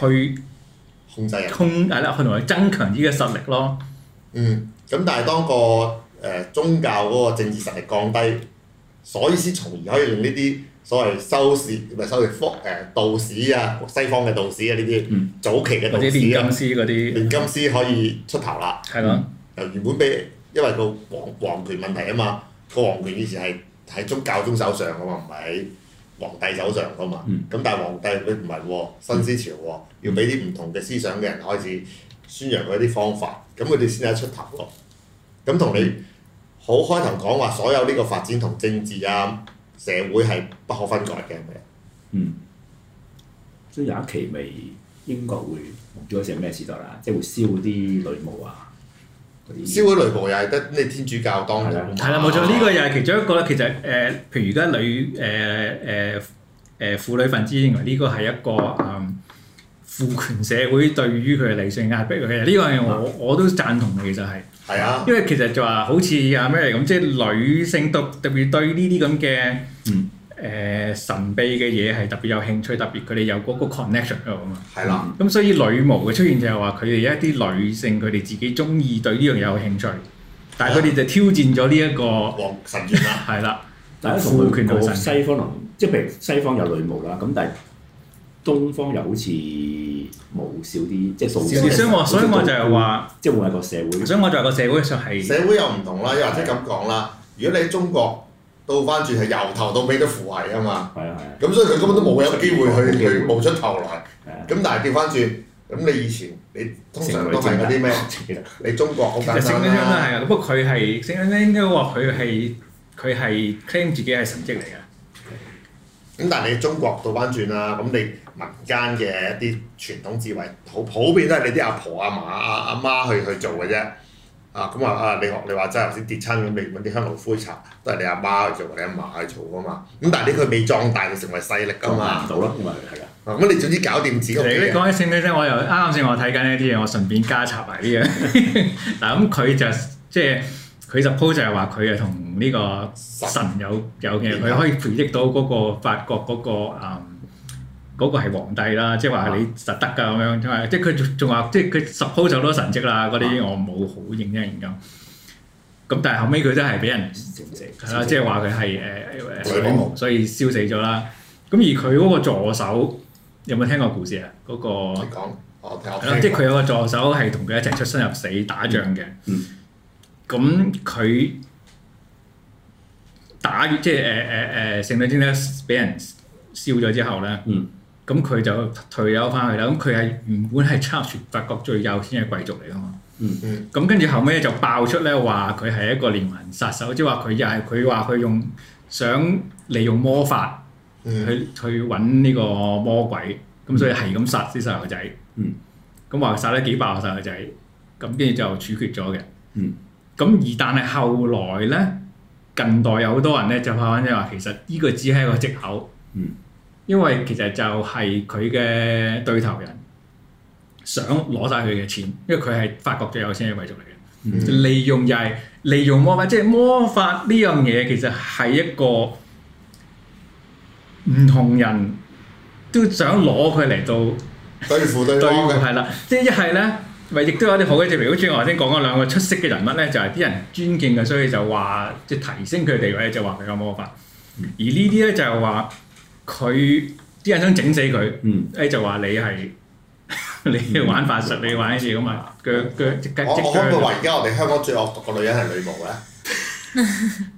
嘢去控制人，控係啦，去同佢增強啲嘅實力咯。嗯，咁但係當個誒宗教嗰個政治實力降低，所以先從而可以令呢啲。所謂修士唔係所謂道士啊，西方嘅道士啊呢啲早期嘅道士啊，嗯、煉金師啲，煉金師可以出頭啦。係咯、嗯，原本俾因為個皇皇權問題啊嘛，個皇權以前係喺宗教中手上嘅嘛，唔係喺皇帝手上嘅嘛。咁、嗯、但係皇帝佢唔係喎，新思潮喎，嗯、要俾啲唔同嘅思想嘅人開始宣揚佢啲方法，咁佢哋先有得出頭咯。咁同你好開頭講話，所有呢個發展同政治啊。社會係不可分割嘅，嗯。所以有一期咪英國會唔知時咩時代啦？即係會燒啲女巫啊，燒嗰啲女巫又係得咩天主教當路，啊？係啦，冇錯，呢、這個又係其中一個。其實誒、呃，譬如而家女誒誒誒婦女分子認為呢個係一個嗯、呃、父權社會對於佢嘅理性壓迫。其實呢個係我我都贊同嘅，其實係。係啊，因為其實就話好似啊咩嚟咁，即係女性對特別對呢啲咁嘅誒神秘嘅嘢係特別有興趣，特別佢哋有嗰個 connection 喺度啊嘛的。係啦、嗯，咁所以女巫嘅出現就係話佢哋有一啲女性佢哋自己鍾意對呢樣嘢有興趣，但係佢哋就挑戰咗呢一個王神權啦。係啦 [LAUGHS] 了，但係賦權到西方咯，即係譬如西方有女巫啦，咁但係。東方又好似冇少啲，即係數字。所以我就係話，即係我係個社會。所以我就係個社會上係。社會又唔同啦，又或者咁講啦。如果你喺中國，倒翻轉係由頭到尾都腐壞啊嘛。係啊係啊。咁所以佢根本都冇有機會去冒出頭來。係。咁但係調翻轉，咁你以前你通常都係嗰啲咩？你中國好簡單啦。神經商都係啊，不過佢係神經商應該話佢係佢係 claim 自己係神蹟嚟㗎。咁但係你中國倒翻轉啦，咁你民間嘅一啲傳統智慧，好普遍都係你啲阿婆、阿嫲、阿阿媽去去做嘅啫。啊，咁啊啊，你學你話齋頭先跌親咁，你揾啲香爐灰搽，都係你阿媽去做，你阿嫲去做噶嘛。咁但係啲佢未壯大，就成為勢力噶嘛。唔到咯，咁啊係啊。咁的你總之搞掂自己。你講起剩女先，我又啱先我睇緊呢啲嘢，我順便加插埋啲嘢。嗱， [LAUGHS] [LAUGHS] 咁佢就即係。佢十鋪就係話佢啊同呢個神有、嗯、有嘅，佢可以培益到嗰個法國嗰、那個誒嗰、嗯那個、皇帝啦，即係話你實得噶咁樣，即係佢仲仲話，即係佢十鋪咗好多神跡啦，嗰啲我冇好認真研究。咁但係後尾，佢都係俾人係啦，即係話佢係誒鬼，所以燒死咗啦。咁而佢嗰個助手有冇聽過故事、那個、啊？嗰個即係佢有個助手係同佢一齊出生入死打仗嘅。嗯咁佢、嗯、打完，即係誒誒誒聖女精呢，俾人燒咗之後咧，咁佢、嗯嗯、就退休翻去啦。咁佢係原本係插住法國最有錢嘅貴族嚟噶嘛。嗯嗯。咁跟住後尾就爆出咧話佢係一個連環殺手，即係話佢又係佢話佢用想利用魔法去、嗯、去揾呢個魔鬼，咁所以係咁殺啲細路仔。嗯。咁話殺咗幾百個細路仔，咁跟住就處決咗嘅。嗯。咁而但係後來咧，近代有好多人咧就拍翻即係話，其實呢個只係一個藉口，嗯、因為其實就係佢嘅對頭人想攞晒佢嘅錢，因為佢係法國最有錢嘅貴族嚟嘅，嗯、利用就係利用魔法，即係魔法呢樣嘢其實係一個唔同人都想攞佢嚟到、嗯、 [LAUGHS] 對付對方嘅，係啦， [LAUGHS] 即係一係咧。唔亦都有啲好嘅證明。好似我頭先講嗰兩個出色嘅人物咧，就係、係、啲人尊敬嘅，所以就話即提升佢地位，就話佢有魔法。而呢啲咧就係話佢啲人想整死佢，誒就話你係你玩法術，你玩住咁啊，佢腳我我可唔可以話，而家我哋香港最惡毒個女人係女巫咧？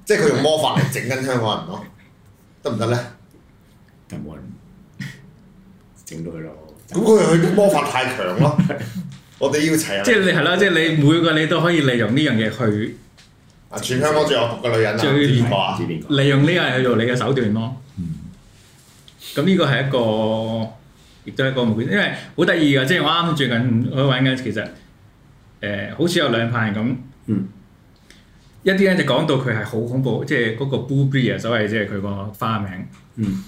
即係佢用魔法嚟整緊香港人咯，得唔得咧？就冇人整到佢咯。咁佢佢啲魔法太強咯。 [LAUGHS] 我哋要齊人，即係你係啦，即係你每個你都可以利用呢樣嘢去啊！全香港最有毒嘅女人啊，知邊個啊？利用呢樣嘢去做你嘅手段咯。嗯。咁呢個係一個，亦都係一個無可，因為好得意嘅，即係我啱啱最近去揾嘅，其實誒好似有兩派人咁。嗯，嗯一呢。一啲咧就講到佢係好恐怖，即係嗰個 Bubi 啊，所謂即係佢個花名。嗯，嗯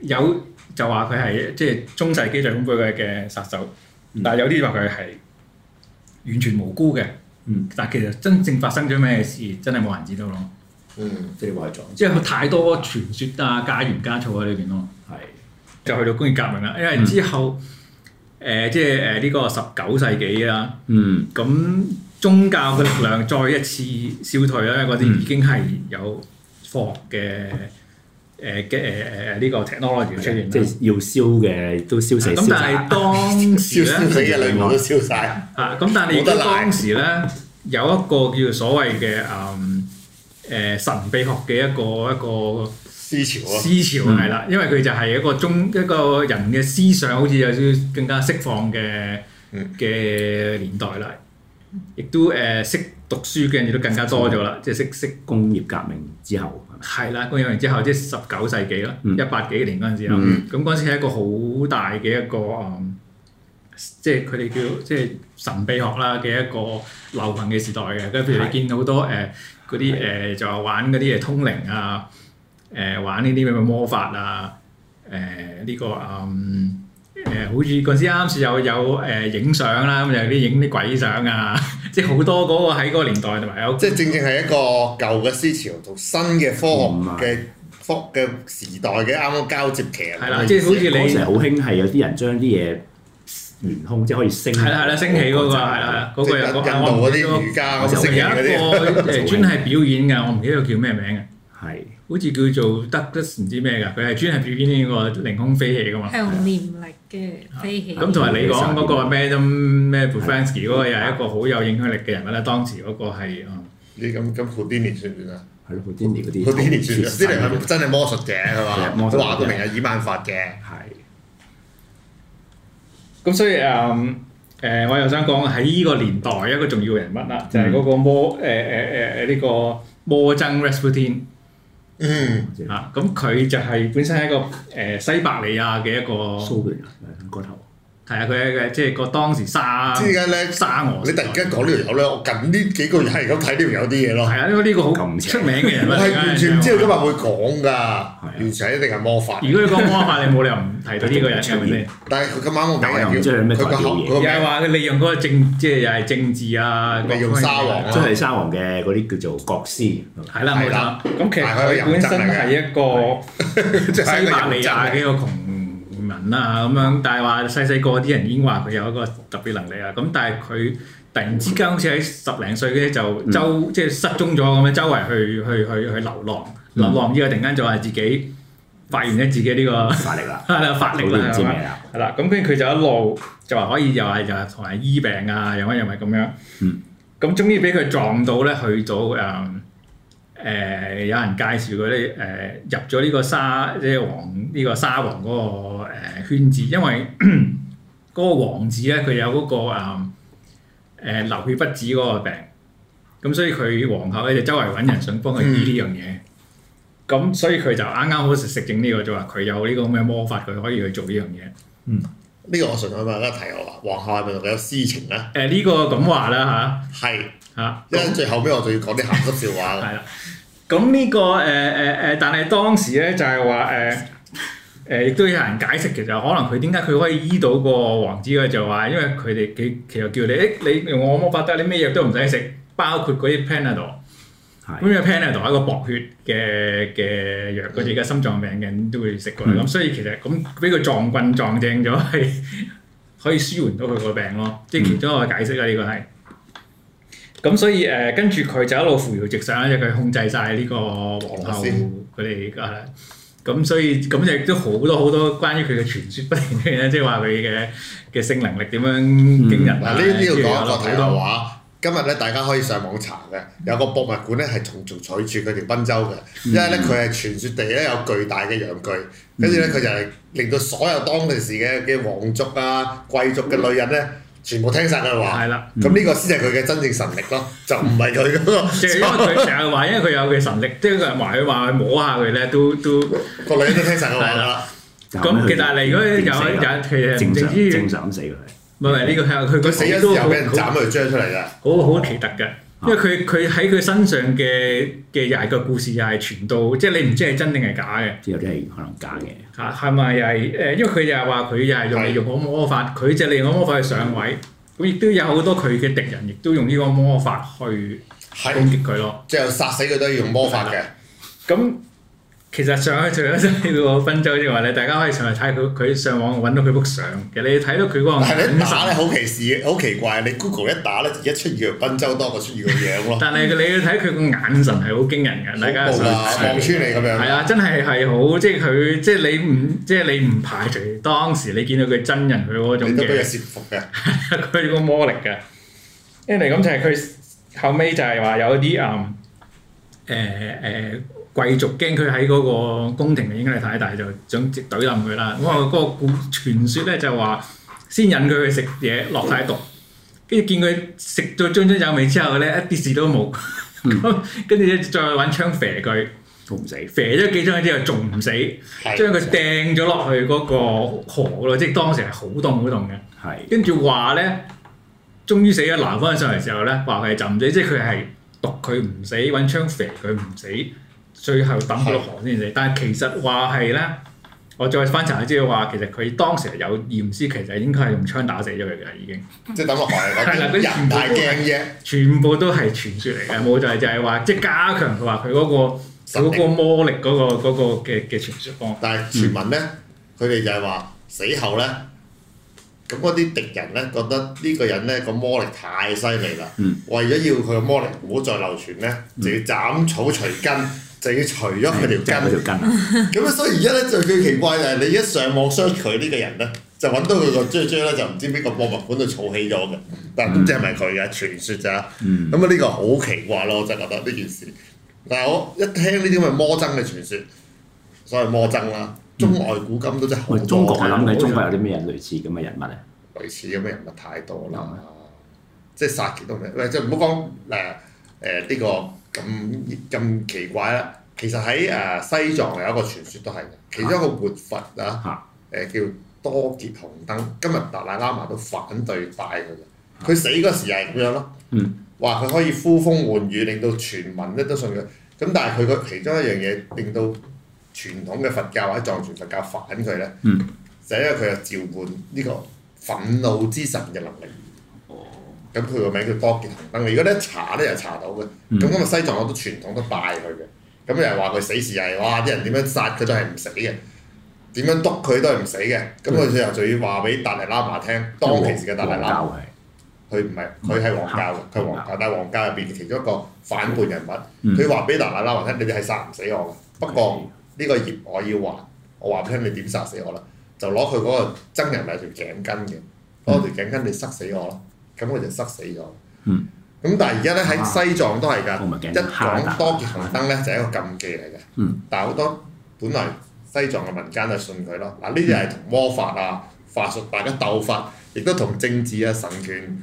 有。有就話佢係即係中世紀恐怖嘅嘅殺手。但係有啲話佢係完全無辜嘅，嗯，但係其實真正發生咗咩事，真係冇人知道咯。嗯，即係話咗，即係太多傳說啊，加鹽加醋喺裏邊咯。係的，就去到工業革命啦，因為、嗯、之後，誒、呃，即係誒呢個十九世紀啦，嗯，咁宗教嘅力量再一次消退啦，嗰啲已經係有科學嘅。誒嘅誒誒誒呢個 technology 出現，即係要燒嘅都燒死，燒死啦！燒死嘅禮物都燒晒。啊！咁但係而家當時咧有一個叫做所謂嘅誒誒神秘學嘅一個一個思潮啊，思潮係啦，因為佢就係一個中一個人嘅思想好似有少少更加釋放嘅嘅年代啦。亦都誒識讀書嘅人亦都更加多咗啦，即係識識工業革命之後。係啦，咁有完之後即係十九世紀啦，一八幾年嗰陣時啦，咁嗰陣時係一個好大嘅一個誒、呃，即係佢哋叫即係神秘學啦嘅一個流行嘅時代嘅，跟住譬如你見到好多誒嗰啲誒就係玩嗰啲嘢通靈啊，誒、呃、玩呢啲咁嘅魔法啊，誒、呃、呢、呢個誒、呃、好似嗰陣時啱啱有有誒影相啦，咁有啲影啲鬼相啊。即係好多嗰個喺嗰個年代同埋有、那個，即係正正係一個舊嘅思潮同新嘅科學嘅科嘅時代嘅啱啱交接期。係啦，即、就、係、是、好似你嗰時好興，係有啲人將啲嘢懸空，即、就、係、是、可以升。係啦係啦，升起嗰、那個係啦，嗰個有、就是了那個印度嗰啲瑜伽嗰啲、那個。就有一個誒專係表演嘅， [LAUGHS] 我唔記得叫咩名嘅。係，好似叫做德德唔知咩㗎，佢係專係表演呢個凌空飛起㗎嘛。靠念力嘅飛起。咁同埋你講嗰個咩咁咩 Buffy 嗰個又係一個好有影響力嘅人物啦。當時嗰個係哦，你咁咁 Pudini 算唔算啊？係咯，Pudini 嗰啲。Pudini 算啊，Pudini 係真係魔術嘅，係嘛？都話到明係以萬法嘅。係。咁所以誒誒，我又想講喺依個年代一個重要人物啦，就係嗰個魔誒誒誒呢個魔僧嗯，嚇、嗯，咁、嗯、佢就係本身係一個誒、呃、西伯利亞嘅一個蘇聯啊，嗰 Sorry. 頭。係啊，佢嘅即係個當時沙沙俄，你突然間講呢條友咧，我近呢幾個月係咁睇呢條友啲嘢咯。係啊，因為呢個好出名嘅人，我完全唔知道今日會講㗎，完全一定係魔法。如果你講魔法，你冇理由唔提到呢個人嘅。但係佢今晚我俾人要，佢個口又係話佢利用嗰個政，即係又係政治啊。利用沙皇，即係沙皇嘅嗰啲叫做國師。係啦，係啦。咁其實佢本身係一個西伯利亞嘅一個窮。啦咁樣，但係話細細個啲人已經話佢有一個特別能力啊！咁但係佢突然之間好似喺十零歲咧就周、嗯、即係失蹤咗咁樣，周圍去去去去流浪，嗯、流浪之後突然間就係自己發現咗自己呢、呢個法力， [LAUGHS] 力、啊、啦，法力啦係啦，咁跟住佢就一路就話可以又係又係同埋醫病啊，又咩又咪咁樣。咁、嗯、終於俾佢撞到咧去咗誒誒有人介紹佢咧誒入咗呢個沙即係皇呢個沙皇嗰、嗰個。勸治，因為嗰個王子咧、那個，佢有嗰個誒流血不止嗰個病，咁所以佢皇后咧就周圍揾人想幫佢醫呢樣嘢，咁、嗯、所以佢就啱啱好食食正呢個，就話佢有呢個咁嘅魔法，佢可以去做呢樣嘢。嗯，呢個我純粹嘛，今日提我話皇后係咪同佢有私情咧？誒呢、呃這個咁話啦吓？係嚇， [LAUGHS] 因為最後尾我就要講啲鹹濕笑話啦。啦， [LAUGHS] 咁呢、這個誒誒誒，但係當時咧就係話誒。呃誒亦都有人解釋，其實可能佢點解佢可以醫到個王子咧？就話、是、因為佢哋佢其實叫你誒你我冇法得你咩藥都唔使食，包括嗰啲 Panadol，咁樣的 Panadol 係一個薄血嘅嘅藥，佢哋嘅心臟病人都會食過嚟。咁、嗯、所以其實咁俾佢撞棍撞正咗，係 [LAUGHS] 可以舒緩到佢個病咯。即係其中一個解釋啦，呢個係。咁所以誒，跟住佢就一路扶搖直上，因為佢控制晒呢個皇后佢哋嘅。試試咁所以咁亦都好多好多關於佢嘅傳説不斷咧，即係話佢嘅嘅性能力點樣驚人啊！呢呢、嗯、講一個睇法話，今日咧大家可以上網查嘅，有個博物館咧係從從採取佢條賓州嘅，因為咧佢係傳説地咧有巨大嘅陽具，跟住咧佢就係令到所有當時嘅嘅皇族啊貴族嘅女人咧。嗯嗯全部聽晒佢話，係啦了。咁呢、嗯、個先係佢嘅真正神力咯，就唔係佢嗰個。因為佢成日話，因為佢有佢神力，即係話佢話佢摸下佢咧，都都 [LAUGHS] 個女人都聽晒佢話。係啦了。咁其達利嗰個有係其實正正之正常咁死佢。唔係呢個係佢死咗都好。有人斬佢張出嚟㗎？好好奇特㗎。因為佢佢喺佢身上嘅嘅又係個故事又係傳到，即係你唔知係真定係假嘅。之後真可能假嘅。嚇係咪係？誒，因為佢又話佢又係用用個魔法，佢的就利用，用魔法去上位。咁亦都有好多佢嘅敵人，亦都用呢個魔法去攻擊佢咯。即係、就係、殺死佢都要用魔法嘅。咁。其實上去除咗真個賓州之外咧，大家可以上嚟睇佢。佢上網揾到佢幅相，其實你睇到佢嗰個眼神咧，好歧視，好奇怪。你 Google 一打咧，一出現賓州多過出現嘅樣咯。 [LAUGHS] 但係你要睇佢個眼神係好驚人嘅，大家望出嚟咁樣。係啊，真係係好，即係佢，即係你唔，即係你唔排除當時你見到佢真人佢嗰種嘅。你都俾佢折服嘅，佢個 [LAUGHS] 魔力嘅。誒，因為咁就係佢後尾就係話有一啲誒誒。Um, 欸欸欸欸貴族驚佢喺嗰個宮廷嘅影響力太大，就想直接懟冧佢啦。咁啊，嗰個古傳説咧就話，先引佢去食嘢落太毒，跟住見佢食咗津津有味之後咧，一啲事都冇。嗯、跟住咧再揾槍射佢，都唔死。射咗幾槍之後仲唔死，死將佢掟咗落去嗰個河咯，即係當時係好凍好凍嘅。的跟住話咧，終於死咗，撈返上嚟嘅時候咧，話佢係浸死，即係佢係毒佢唔死，揾槍射佢唔死，最後抌落海先死，但係其實話係咧，我再翻查知道話，其實佢當時係有驗屍，其實應該係用槍打死咗佢嘅，已經即係抌落海。係啦，人大驚嘅全部都係傳説嚟嘅，冇就係就係話即係加強話佢嗰個嗰個魔力嗰、嗰個嘅嘅、嗰個、傳説。哦，但係傳聞咧，佢哋就係話死後咧，咁嗰啲敵人咧覺得呢個人咧個魔力太犀利啦，嗯、為咗要佢個魔力唔好再流傳咧，就要斬草除根。嗯就要除咗佢條筋，拆筋咁啊， [LAUGHS] 所以而家咧最最奇怪就係你一上網 search 呢個人咧，就揾到佢個 j a z 咧，就唔知邊個博物館度儲起咗嘅，但係唔知係咪佢嘅傳說咋？咁啊呢個好奇怪咯，真係覺得呢件事。但我一聽呢啲咁嘅魔憎嘅傳說，所謂魔憎啦，中外古今都真係好、嗯。中國我諗緊中國有啲咩嘢類似咁嘅人物啊？類似咁嘅人物太多啦，嗯、即係殺極都未。喂，即係唔好講誒誒呢個。咁咁奇怪啦！其實喺誒西藏有一個傳說都係嘅，其中一個活佛啊，誒、呃、叫多傑雄登，今日達賴喇嘛都反對拜佢嘅。佢死嗰時係咁樣咯，話佢可以呼風喚雨，令到全民咧都信佢。咁但係佢個其中一樣嘢，令到傳統嘅佛教或者藏傳佛教反佢咧，就係、因為佢又召喚呢個憤怒之神嘅能力。咁佢個名叫多傑，紅燈嘅，如果咧查咧又查到嘅。咁咁啊，西藏我都傳統都拜佢嘅。咁又話佢死時又係哇！啲人點樣殺佢都係唔死嘅，點樣督佢都係唔死嘅。咁佢就又仲要話俾達尼喇嘛聽，當其時嘅達尼拉瑪，佢唔係佢係皇教嘅，佢皇教，但係皇教入邊其中一個反叛人物，佢話俾達尼喇嘛聽：你哋係殺唔死我嘅，嗯、不過呢個業我要還，我話唔聽你點殺死我啦，就攞佢嗰個僧人咪條頸巾嘅，攞條頸巾你塞死我咯。咁佢就塞死咗。嗯。咁但係而家咧喺西藏都係㗎，啊、一講多傑雄登咧就係一個禁忌嚟嘅。嗯。但係好多本來西藏嘅民間就信佢咯。嗱，呢啲係同魔法啊、法術、大家鬥法，亦都同政治啊、神權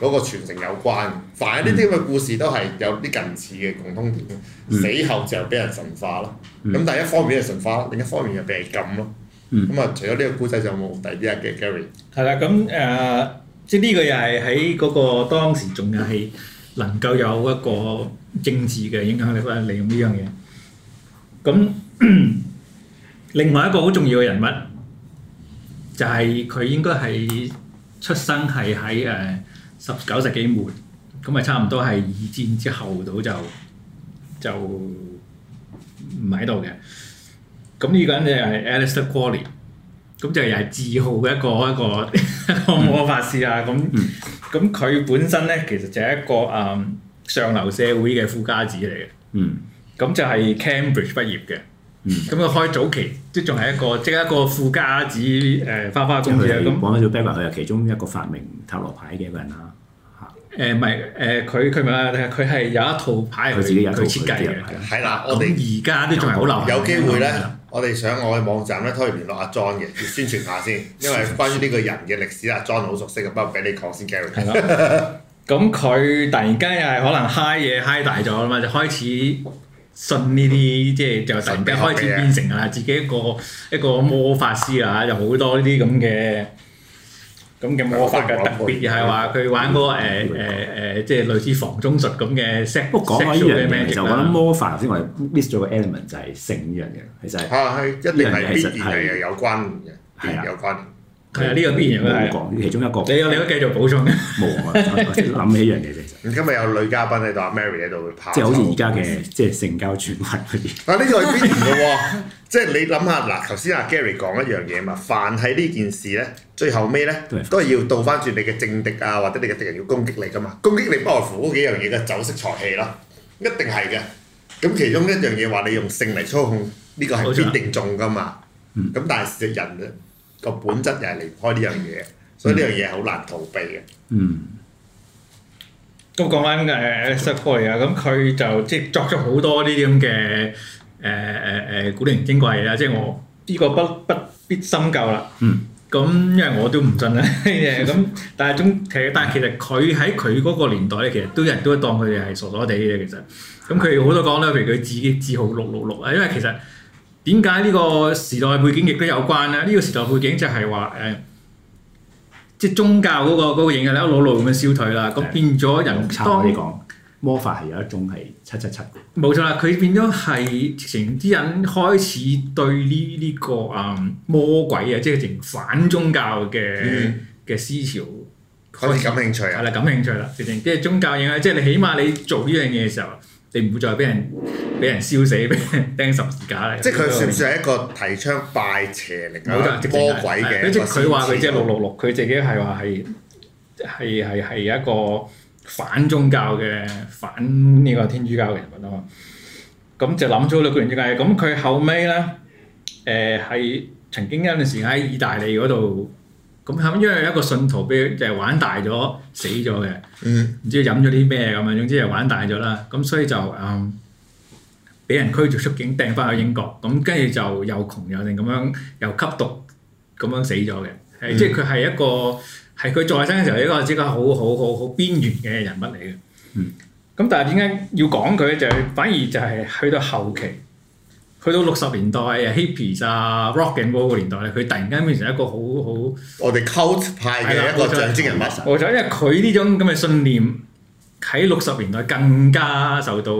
嗰個傳承有關。凡係呢啲咁嘅故事都係有啲近似嘅共通點。死後就俾人神化咯。嗯。咁但係一方面係神化，另一方面又俾人禁咯。有有 Gary, 嗯。咁啊、嗯，除咗呢個故仔，就冇第二啲啊，Gary。係啦，咁誒。即係呢個又係喺嗰個當時仲有係能夠有一個政治嘅影響力，利用呢樣嘢。咁另外一個好重要嘅人物就係、是、佢應該係出生係喺誒十九世紀末，咁咪差唔多係二戰之後到就就唔喺度嘅。咁呢個人就係 Aleister Crowley。咁就又係自豪嘅一個一個個魔法師啊！咁咁佢本身咧，其實就係一個誒上流社會嘅富家子嚟嘅。嗯，咁就係 Cambridge 畢業嘅。嗯，咁佢開早期都仲係一個即係一個富家子誒花花公子啊！咁講翻咗 Berger，佢係其中一個發明塔羅牌嘅一個人啦。嚇誒唔係誒，佢佢唔係，但佢係有一套牌，佢自己有一套設計嘅。係啦，我哋而家都仲係好流行。有機會咧。我哋想我嘅網站咧，都可以聯絡阿 John 嘅，宣傳下先。因為關於呢個人嘅歷史，阿 [LAUGHS] John 好熟悉嘅，不過俾你講先。Gary，係啦。咁佢 [LAUGHS] 突然間又係可能嗨嘢嗨大咗啦嘛，就開始信呢啲，即係就突然間開始變成啦，自己一個一個魔法師啊，又好、嗯、多呢啲咁嘅。咁嘅魔法㗎，特別而係話佢玩嗰個誒誒誒，即係類似防中術咁嘅 set。講開呢樣嘢，其實我諗魔法先，我哋 miss 咗個 element 就係性呢樣嘢，其實係。係係，一定係必然係有關聯嘅，係有關聯。係啊，呢個必然啦。講，其中一個。你有你有繼續補充嘅？冇啊，諗起樣嘢。今日有女嘉賓喺度，阿 Mary 喺度拍。即係好 [LAUGHS] 即似而家嘅，即係性交傳聞嗰呢個係必然嘅喎，即係你諗下嗱，頭先阿 Gary 講一樣嘢啊嘛，凡係呢件事咧，最後尾咧都係要倒翻轉你嘅政敵啊，或者你嘅敵人要攻擊你噶嘛，攻擊你不外乎嗰幾樣嘢嘅酒色財氣咯，一定係嘅。咁其中一樣嘢話你用性嚟操控，呢、呢個係必定中噶嘛。咁、嗯、但係人嘅個本質又係離唔開呢樣嘢，所以呢樣嘢好難逃避嘅。嗯。咁講翻誒 Shakespeare 啊，咁佢就即係作咗好多呢啲咁嘅誒誒誒古靈精怪啊，即係我呢個不不必深究啦。嗯，咁因為我都唔信啊咁 [LAUGHS] [LAUGHS] 但係中其但係其實佢喺佢嗰個年代咧，其實都有人都當佢哋係傻傻地嘅其實。咁佢好多講咧，譬如佢自己自豪六六六啊，因為其實點解呢個時代背景亦都有關咧？呢個時代背景就係話誒。呃即係宗教嗰、那個嗰、那個影響，一路路咁樣消退啦。咁、就是、變咗人當差你講魔法係有一種係七七七嘅。冇錯啦，佢變咗係成啲人開始對呢呢個啊魔鬼啊，即係成反宗教嘅嘅思潮開始感興趣啊。係啦、嗯， [LAUGHS] 感興趣啦，即係宗教影響，即係你起碼你做呢樣嘢嘅時候。你唔會再俾人俾人燒死，俾人釘十字架嚟。即係佢算唔算係一個提倡拜邪靈、過魔鬼嘅？跟佢話佢即係六六六，佢自己係話係係係係一個反宗教嘅、反呢個天主教嘅人物啊嘛。咁、嗯嗯嗯嗯、就諗咗兩句，然之後咁佢後尾咧，誒、呃、係曾經有陣時喺意大利嗰度。咁因為一個信徒俾就係，玩大咗死咗嘅，唔知飲咗啲咩咁啊！總之就玩大咗啦，咁所以就誒俾，嗯、人驅逐出境，掟翻去英國。咁跟住就又窮又剩咁樣，又吸毒咁樣死咗嘅。誒、嗯，即係佢係一個係佢再生嘅時候，一個只個好好好好邊緣嘅人物嚟嘅。咁、嗯、但係點解要講佢咧？就反而就係去到後期，去到六十年代 Hippies 啊，rocking 嗰個年代咧，佢突然間變成一個好好，我哋 cult 派嘅一個象徵人物。的我就想因為佢呢種咁嘅信念喺六十年代更加受到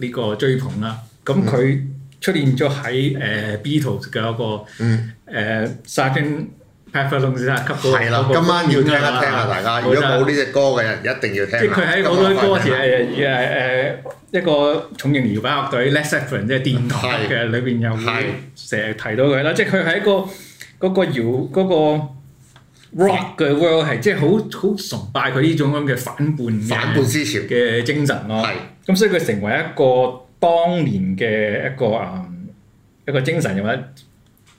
呢個追捧啦。咁佢出現咗喺誒 Beatles 嘅一個誒、嗯呃拍發通知啊！吸到啊！今晚要聽一聽啊！大家如果冇呢隻歌嘅人，一定要聽。即係佢喺好多歌詞誒誒誒，一個重型搖擺樂隊 Led Zeppelin 即係電台嘅裏邊又會成日提到佢啦。即係佢喺一個嗰個搖嗰個 rock 嘅 world 係即係好好崇拜佢呢種咁嘅反叛反叛思潮嘅精神咯。係。咁所以佢成為一個當年嘅一個誒一個精神又或者。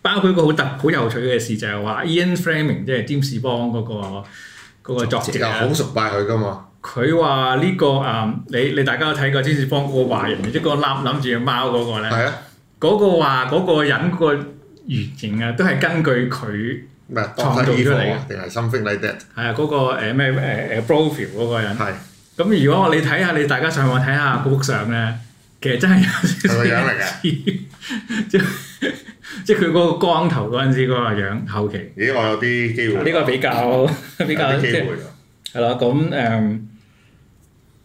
包括一個好特好有趣嘅事，就係話 Ian Fleming 即係詹士邦嗰個嗰、那個作者，好崇拜佢㗎嘛。佢話呢個誒、嗯，你你大家都睇過詹士邦嗰個壞人，即個攬攬住隻貓嗰、那個咧，嗰 [NOISE] 個話嗰個人嗰個原型啊，都係根據佢創造出嚟嘅，定係 something like that。係啊，嗰、那個誒咩誒誒 profile 嗰個人。係是。咁如果你睇下，你大家上網睇下嗰幅相咧，其實真係有啲似。係咪咁樣嚟嘅？ [LAUGHS] [LAUGHS] 即係佢嗰個光頭嗰陣時嗰個樣，後期咦，我有啲機會呢、啊呢個比較比較，係咯咁誒咁，um,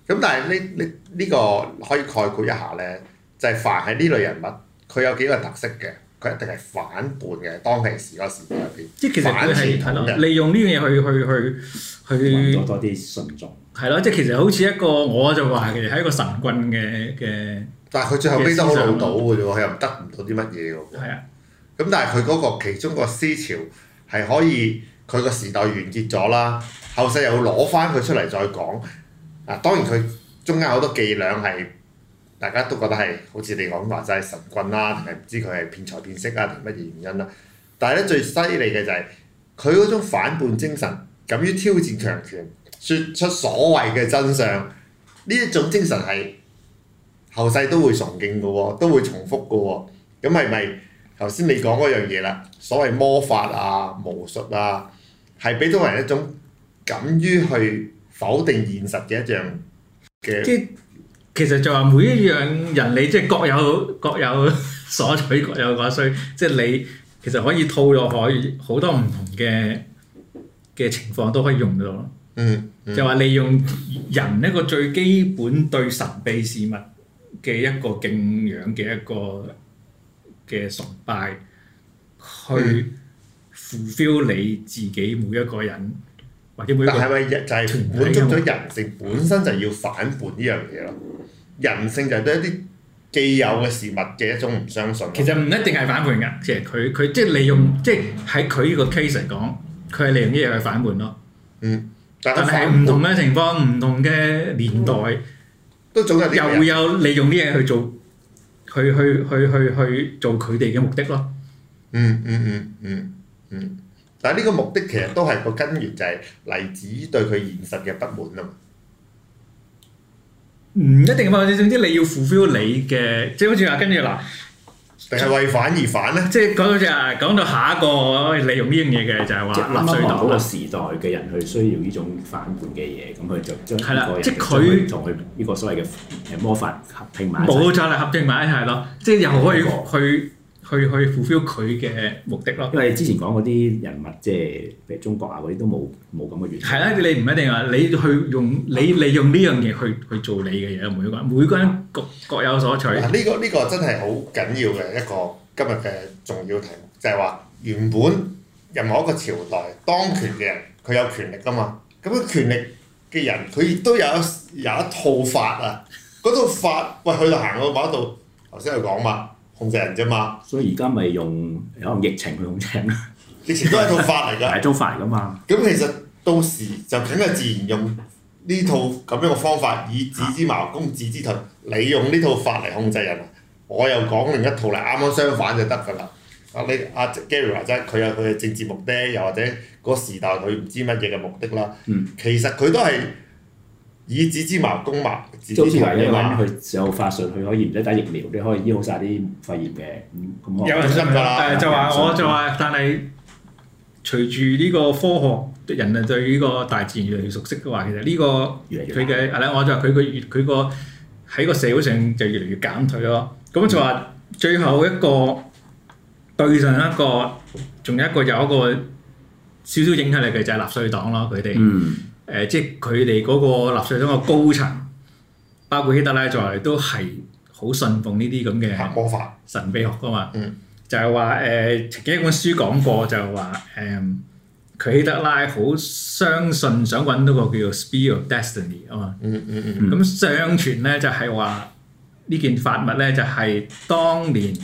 但係呢呢呢個可以概括一下咧，就係、是、凡係呢類人物，佢有幾個特色嘅，佢一定係反叛嘅，當其時嗰時即係其實佢係利用呢樣嘢去去去去多啲信眾係咯，即係其實好似一個我就話係一個神棍嘅嘅，但係佢最後尾都攔唔到嘅啫喎，佢又得唔到啲乜嘢喎，係啊。咁但係佢嗰個其中個思潮係可以，佢個時代完結咗啦，後世又攞翻佢出嚟再講。嗱，當然佢中間好多伎倆係大家都覺得係，好似你講話齋神棍啦，定係唔知佢係騙財騙色啊，定係乜嘢原因啦？但係咧最犀利嘅就係佢嗰種反叛精神，敢於挑戰強權，説出所謂嘅真相。呢一種精神係後世都會崇敬嘅喎，都會重複嘅喎。咁係咪？頭先你講嗰樣嘢啦，所謂魔法啊、巫術啊，係俾到人一種敢於去否定現實嘅一樣嘅。即係其實就話每一樣人、嗯、你即係各、嗯、各，各，各有各有所取，各有各需，即係你其實可以套落可以好多唔同嘅嘅、嗯、情況都可以用到、嗯。嗯，就話利用人一個最基本對神秘事物嘅一個敬仰嘅一個。嘅崇拜去 fulfill 你自己每一個人、嗯、或者每個人，但係咪就係滿足咗人性？本身就要反叛呢樣嘢咯。嗯、人性就係對一啲既有嘅事物嘅一種唔相信其。其實唔一定係反叛㗎，其實佢佢即係利用即係喺佢呢個 case 嚟講，佢係利用啲嘢去反叛咯。嗯，但係唔同嘅情況，唔、嗯、同嘅年代、嗯、都總係又會有利用啲嘢去做。去去去去去做佢哋嘅目的咯、嗯，嗯嗯嗯嗯嗯，但係呢個目的其實都係個根源就係嚟自於對佢現實嘅不滿啊嘛，唔、嗯、一定啊嘛，你總之你要 fulfil 你嘅，即係好似話跟住嗱。定係為反而反咧？即係講到就講到下一個可以利用呢樣嘢嘅就係話納粹黨嘅時代嘅人去需要呢種反叛嘅嘢，咁佢的就將嗰係啦，即係佢同佢呢個所謂嘅誒魔法合拼埋。冇再嚟合拼埋一齊咯，即係又可以去。去去 fulfill 佢嘅目的咯。因為你之前講嗰啲人物，即係譬如中國啊嗰啲都冇冇咁嘅原因。係啊，你唔一定話，你去用你利用呢樣嘢去去做你嘅嘢，每一個人每一個人各各有所取。呢、呢個呢、呢個真係好緊要嘅一個今日嘅重要題目，就係、是、話原本任何一個朝代當權嘅人，佢有權力㗎嘛。咁、那、樣、個、權力嘅人，佢亦都有有一套法啊。嗰套法，喂，去到行到某一度，頭先佢講嘛。控制人啫嘛，所以而家咪用有疫情去控制人咯。疫情都係套法嚟㗎，係一套法嚟㗎 [LAUGHS] 嘛。咁其實到時就梗係自然用呢套咁樣嘅方法，以子之矛攻子之盾。你用呢套法嚟控制人，我又講另一套嚟，啱啱相反就得㗎啦。啊，你阿 Gary 話齋，佢有佢嘅政治目的，又或者嗰時代佢唔知乜嘢嘅目的啦。嗯、其實佢都係。以子之矛攻矛，即好似話，因為佢有法術，佢可以唔使打疫苗，你可以醫好晒啲肺炎嘅。咁、嗯、咁，有人信就話，我就話，但係隨住呢個科學，人類對呢個大自然越嚟越熟悉嘅話，其實呢、呢個佢嘅係啦，我就話佢個佢個喺個社會上就越嚟越減退咯。咁就話最後一個、嗯、對上一個，仲有，有一個有一個少少影響力嘅就係納粹黨咯，佢哋。誒，即係佢哋嗰個納粹黨嘅高層，包括希特拉在內，都係好信奉呢啲咁嘅神秘學啊嘛。嗯，就係話誒，幾本書講過就係話誒，佢、呃、希特拉好相信想揾到個叫做 Spear of Destiny 啊嘛。嗯嗯嗯。咁相、嗯、傳咧就係話呢件法物咧就係當年，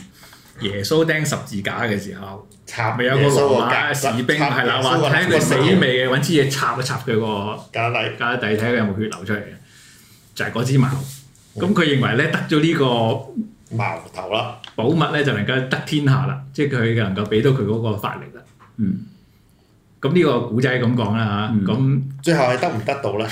耶穌釘十字架嘅時候，插咪有個羅馬士兵係插啦，話睇佢死未嘅，揾支嘢插一插佢、嗰個，架底架底睇佢有冇血流出嚟嘅，就係嗰支矛。咁佢、嗯、認為咧得咗呢個矛頭啦，寶物咧就能夠得天下啦，即係佢能夠俾到佢嗰個法力啦。嗯，咁呢個古仔咁講啦吓，咁、嗯、那最後係得唔得到咧？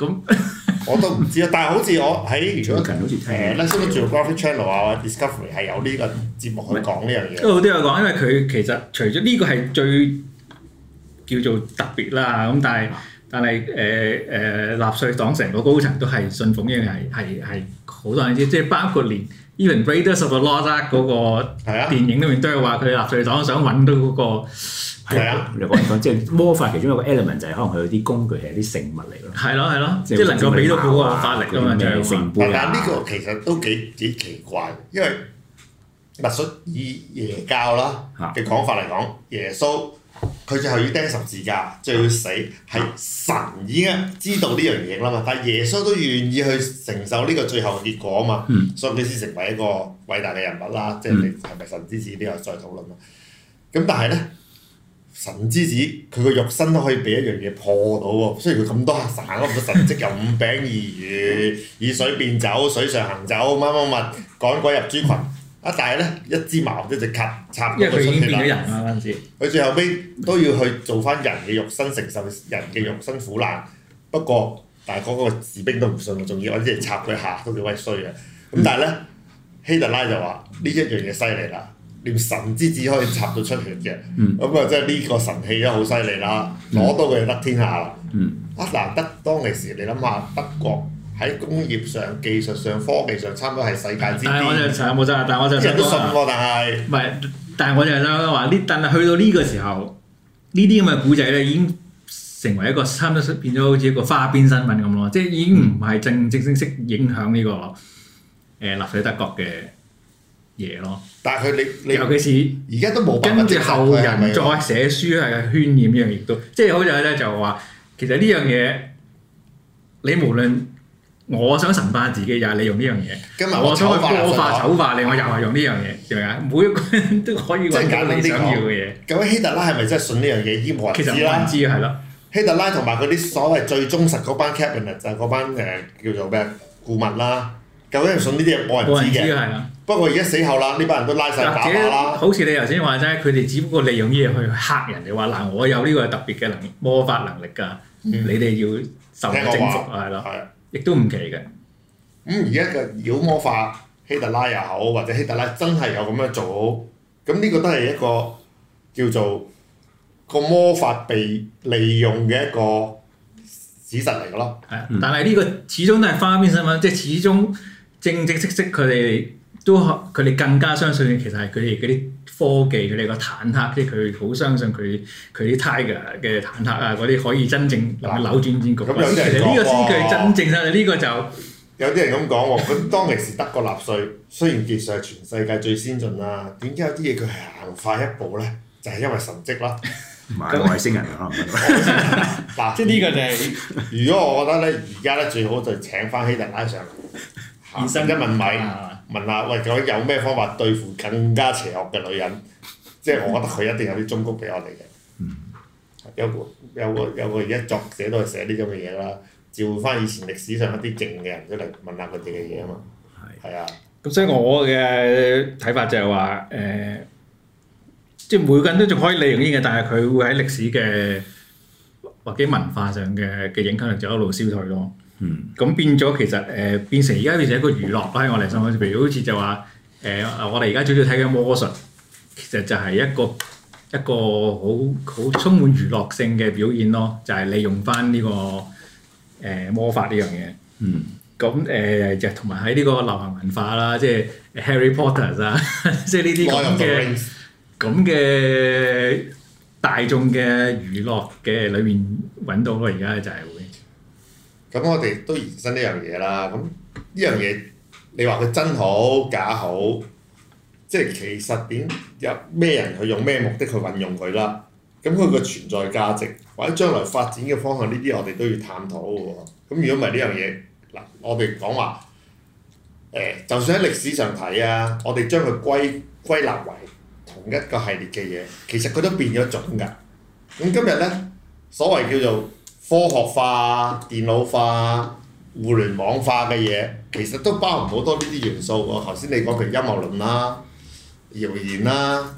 咁 [MUSIC] 我都唔知啊，但係好似我喺好似 YouTube 頻道啊，Discovery 係有呢個節目去講呢樣嘢。都好啲去講，因為佢其實除咗呢個係最叫做特別啦，咁但係但係誒誒納粹黨成個高層都係信奉呢樣係係係好多人知，即係、就是、包括連 Even Raiders of the Lost 嗰個電影裡面都係話佢納粹黨想揾到嗰、那個。係啊，你講即係魔法其中一個 element 就係可能佢有啲工具係啲聖物嚟嘅，係咯係咯，即係能夠俾到嗰個法力㗎嘛？就、啊啊、但呢個其實都幾幾奇怪，因為若說以耶教啦嘅講法嚟講，啊、耶穌佢最後要釘十字架，就要死，係神已經知道呢樣嘢啦嘛。但係耶穌都願意去承受呢個最後嘅結果啊嘛。嗯、所以佢先成為一個偉大嘅人物啦。即係你係咪神之子呢？又再討論。咁但係咧？神之子，佢個肉身都可以俾一樣嘢破到喎。雖然佢咁多神，咁多神跡，又五餅二魚，以水變酒，水上行走，乜乜乜，趕鬼入豬群。啊！但係咧，一支矛，一隻鈦插嗰個春田人啊！嗰佢最後尾都要去做翻人嘅肉身，承受人嘅肉身苦難。不過，但係嗰個士兵都唔信，仲要揾啲人插佢下，都幾鬼衰嘅。咁但係咧，嗯、希特拉就話：呢一樣嘢犀利啦！連神之子可以插到出血嘅，咁啊、嗯，即係呢個神器都好犀利啦！攞到佢就得天下啦！嗯、啊嗱，得當其時，你諗下德國喺工業上、技術上、科技上，差唔多係世界之最。但我就想但我就想講。人都信，但係唔係？但係我就想話啲，但係去到呢個時候，呢啲咁嘅古仔咧，已經成為一個差唔多變咗好似一個花邊新聞咁咯，即係已經唔係正正式式影響呢、這個誒、呃、納粹德國嘅。嘢咯，但係佢你你尤其是而家都冇，跟住後人再寫書係渲染呢樣，亦都即係好似咧就話，其實呢樣嘢你無論我想神化自己又係、就是、你用呢樣嘢，是我，我想惡化醜化，醜化你我，我又係用呢樣嘢，係咪啊？每個人都可以揀你想要。即係簡單啲講。咁希特拉係咪真係信呢樣嘢？依冇人知啦。知係咯。希特拉同埋佢啲所謂最忠實嗰班 cabinet 就係嗰班誒叫做咩顧問啦。究竟信呢啲嘢冇人知嘅，不過而家死後啦，呢班人都拉晒假啦。好似你頭先話齋，佢哋只不過利用呢樣去嚇人，就話嗱，我有呢個特別嘅能力，魔法能力㗎，嗯、你哋要受到征服係咯，亦都唔奇嘅。咁而家個妖魔法希特拉又好，或者希特拉真係有咁樣做好，咁呢個都係一個叫做個魔法被利用嘅一個史實嚟㗎咯。係、嗯，嗯、但係呢個始終都係花邊新聞，即係始終。始終正正式式，佢哋都佢哋更加相信，其實，係佢哋嗰啲科技，佢哋個坦克，即係佢好相信佢佢啲 Tiger 嘅坦克啊，嗰啲可以真正扭轉戰局。咁有啲人呢個先佢真正啦。呢、啊、個就有啲人咁講，喎。咁當其時德國納粹雖然技術係全世界最先進啦，點解有啲嘢佢係行快一步咧？就係、是、因為神蹟啦，唔係外星人啦、啊，嗱、 [LAUGHS] 啊，即係，呢個就係、是。如果我覺得咧，而家咧最好就請翻希特拉上嚟。身、啊、一問米，問下喂，究竟有咩方法對付更加邪惡嘅女人？嗯、即係我覺得佢一定有啲忠告俾我哋嘅、嗯。有個有個有個而家作者都係寫啲咁嘅嘢啦，召翻以前歷史上一啲正嘅人出嚟、就是、問下佢哋嘅嘢啊嘛。係是啊，咁、嗯、所以我嘅睇法就係話誒，即係每個人都仲可以利用呢嘅，但係佢會喺歷史嘅或者文化上嘅嘅影響力就一路消退咯。嗯，咁變咗其實誒、呃、變成而家變成一個娛樂啦、呃，我哋身上好似譬如好似就話誒我哋而家最初睇緊魔術，其實就係一個一個好好充滿娛樂性嘅表現咯，就係、是、利用翻呢、這個誒、呃、魔法呢樣嘢。嗯，咁誒就同埋喺呢個流行文化啦、啊，即係 Harry Potter 啊， [LAUGHS] 即係呢啲咁嘅咁嘅大眾嘅娛樂嘅裏面揾到咯，而家就係、是。咁我哋都延伸呢樣嘢啦，咁呢樣嘢你話佢真好假好，即係其實點有咩人去用咩目的去運用佢啦？咁佢個存在價值或者將來發展嘅方向，呢啲我哋都要探討嘅喎。咁如果唔係呢樣嘢，嗱我哋講話誒、呃，就算喺歷史上睇啊，我哋將佢歸歸納為同一個系列嘅嘢，其實佢都變咗種㗎。咁今日咧，所謂叫做～科學化、電腦化、互聯網化嘅嘢，其實都包含好多呢啲元素喎。頭先你講佢陰謀論啦、謠言啦、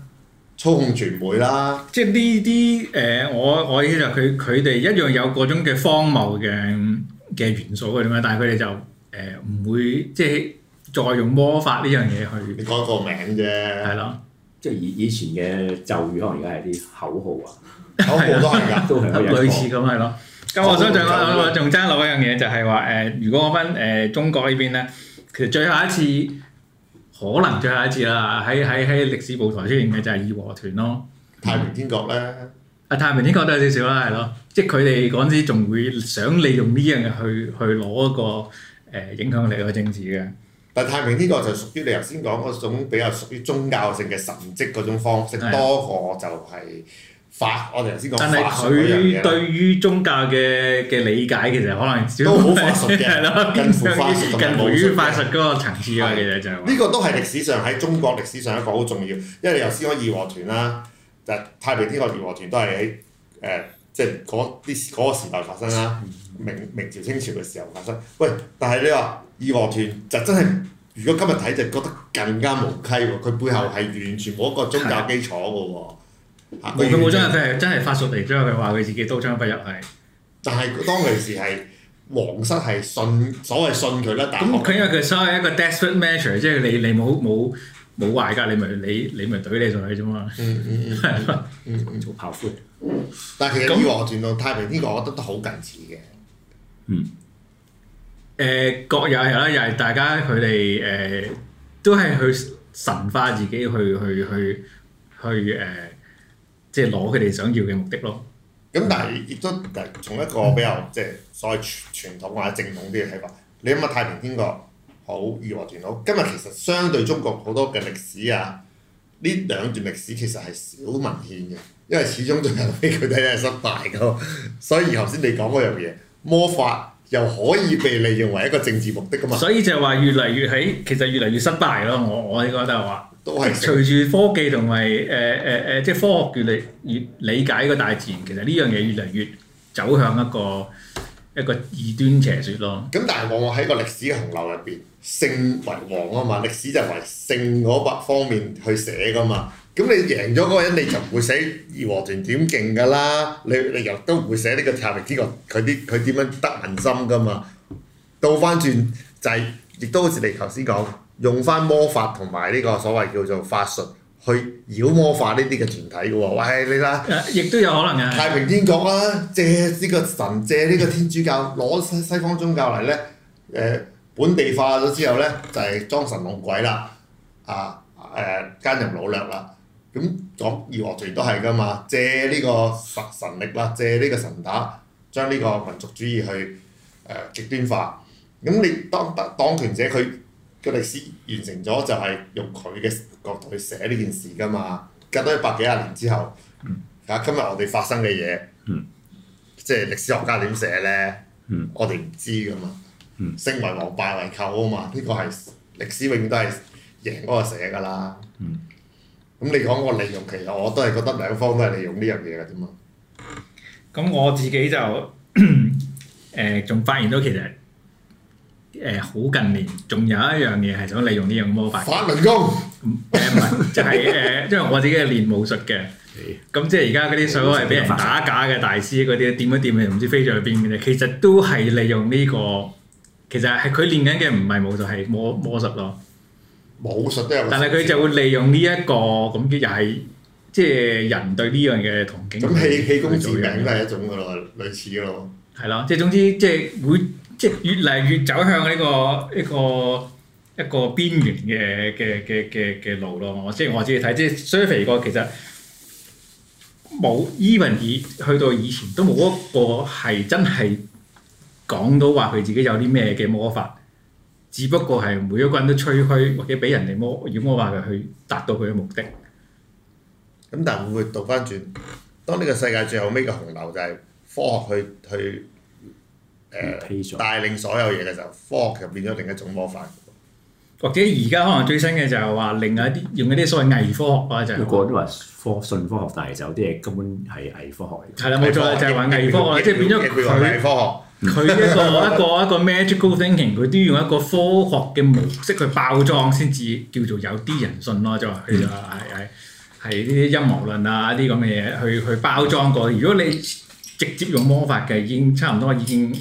操控傳媒啦，即係呢啲誒，我我意思就佢佢哋一樣有各種嘅荒謬嘅嘅元素㗎嘛，但係佢哋就誒唔、呃、會即係再用魔法呢樣嘢去改個名啫。係咯。即係以以前嘅咒語，可能而家係啲口號啊，口號都係噉，類似咁係咯。咁、嗯嗯、我想再講，仲爭落一樣嘢就係話誒，如果我分誒、呃、中國呢邊咧，其實最後一次可能最後一次啦，喺喺喺歷史舞台出現嘅就係義和團咯，太平天國咧，啊太平天國都有少少啦，係咯，嗯、即係佢哋嗰陣時仲會想利用呢樣嘢去去攞一個誒、呃、影響你個政治嘅。但係太平天國就屬於你頭先講嗰種比較屬於宗教性嘅神蹟嗰種方式，對呀 多過就係、是。法，我哋頭先講法術，但係佢對於宗教嘅嘅理解，其實可能都好法術嘅， [LAUGHS] 近乎近乎法術嗰個層次嘅嘢對就係。呢個都係歷史上喺中國歷史上一個好重要，因為你由先講義和團啦，就太平天國義和團都係喺誒，即係嗰啲嗰個時代發生啦。明明朝清朝嘅時候發生。喂，但係你話義和團就真係，如果今日睇就覺得更加無稽喎，佢背後係完全冇一個宗教基礎嘅喎。對 佢冇張人皮，真係法術嚟，之後佢話佢自己刀槍不入係。 [LAUGHS] [LAUGHS] 但係當其時係皇室係信所謂信佢啦，但佢因為佢所謂一個 desperate measure，即係你你冇冇冇壞噶，你咪你你咪懟你上去啫嘛。嗯做炮灰。但係其實與皇權同太平呢個，我覺得都好近似嘅。嗯。誒，各有係啦，又係大家佢哋誒都係去神化自己，去去去去誒。呃即係攞佢哋想要嘅目的咯。咁但係亦都從一個比較即係所謂傳統或者正統啲嘅睇法，你諗下太平天國好，義和團好，今日其實相對中國好多嘅歷史啊，呢兩段歷史其實係少文獻嘅，因為始終最後尾佢哋都係失敗嘅，所以頭先你講嗰樣嘢，魔法又可以被利用為一個政治目的㗎嘛。所以就係話越嚟越起，其實越嚟越失敗咯。我我應該都係話。都係隨住科技同埋誒誒誒，即係科學越嚟越理解個大自然，其實呢樣嘢越嚟越走向一個一個異端邪說咯。咁但係往往喺個歷史洪流入邊，勝為王啊嘛，歷史就係為勝嗰百方面去寫噶嘛。咁你贏咗嗰個人，你就唔會寫義和團點勁噶啦。你你又都唔會寫呢個策力之外，佢啲佢點樣得人心噶嘛。倒翻轉就係、是、亦都好似你頭先講。用翻魔法同埋呢個所謂叫做法術去妖魔化呢啲嘅團體嘅、啊、喎，喂你睇，亦都有可能嘅。太平天國啦、啊，借呢個神，借呢個天主教，攞西西方宗教嚟咧，誒本地化咗之後咧，就係、是、裝神弄鬼啦，啊誒、啊呃、奸淫擄掠啦，咁講義和團都係㗎嘛，借呢個神神力啦，借呢個神打，將呢個民族主義去誒極端化，咁你當當當權者佢。個歷史完成咗就係用佢嘅角度去寫呢件事㗎嘛，隔咗一百幾廿年之後，嚇今日我哋發生嘅嘢，嗯、即係歷史學家點寫咧？嗯、我哋唔知㗎嘛，勝為王敗為寇啊嘛，呢、呢個係歷史永遠都係贏嗰個寫㗎啦。咁你講個利用，其實我都係覺得兩方都係利用呢樣嘢㗎啫嘛。咁、嗯、我自己就誒仲發現到其實。誒好近年，仲有一樣嘢係想利用呢樣魔法。法輪功，誒唔係就係誒，因為我自己係練武術嘅。咁即係而家嗰啲所謂俾人打假嘅大師嗰啲，點一點你唔知飛咗去邊嘅咧。其實都係利用呢個，其實係佢練緊嘅唔係武術係魔魔術咯。武術都有。但係佢就會利用呢一個，咁又係即係人對呢樣嘅憧憬。咁氣氣功治病都係一種噶咯，類似咯。係啦，即係總之即係會。即係越嚟越走向呢、呢個一、呢個一個邊緣嘅嘅嘅嘅嘅路咯，我即係我自己睇，即係所以肥哥其實冇 even 以去到以前都冇一個係真係講到話佢自己有啲咩嘅魔法，只不過係每一個人都吹噓或者俾人哋魔妖魔化佢去達到佢嘅目的。咁但係會唔會倒翻轉？當呢個世界最後尾嘅洪流就係科學去去。誒帶領所有嘢嘅就科學就變咗另一種魔法。或者而家可能最新嘅就係話另外一啲用一啲所謂偽科學啊、就是，就過都話科信科學，但係其實有啲嘢根本係偽科，科學。係啦，冇錯就係話偽科學，即係變咗佢偽科學。佢一個 [LAUGHS] 一個一個，個 magical thinking，佢都要用一個科學嘅模式去包裝先至 [LAUGHS] 叫做有啲人信咯，就係係係呢啲陰謀論啊啲咁嘅嘢去去包裝過。如果你直接用魔法嘅，已經差唔多已經。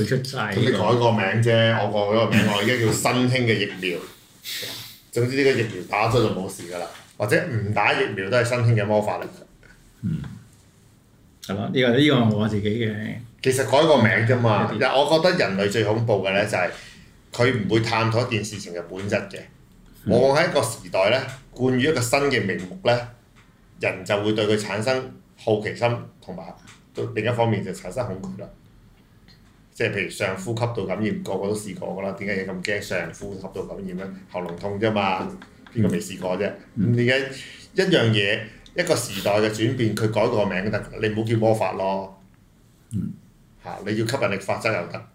你改個名啫，我改咗個名，我而家叫新興嘅疫苗。總之呢個疫苗打咗就冇事噶啦，或者唔打疫苗都係新興嘅魔法嚟。嗯，係咯，呢個呢個係我自己嘅。其實改個名啫嘛，嗯，但我覺得人類最恐怖嘅咧，就係佢唔會探討一件事情嘅本質嘅。往往喺一個時代咧，冠於一個新嘅名目咧，人就會對佢產生好奇心，同埋另一方面就產生恐懼啦。即係譬如上呼吸道感染，個個都試過㗎啦。點解嘢咁驚上呼吸道感染咧？喉嚨痛啫嘛，邊個未試過啫？咁點解一樣嘢一個時代嘅轉變，佢改個名得，你唔好叫魔法咯。嗯。嚇！你要吸引力法則又得，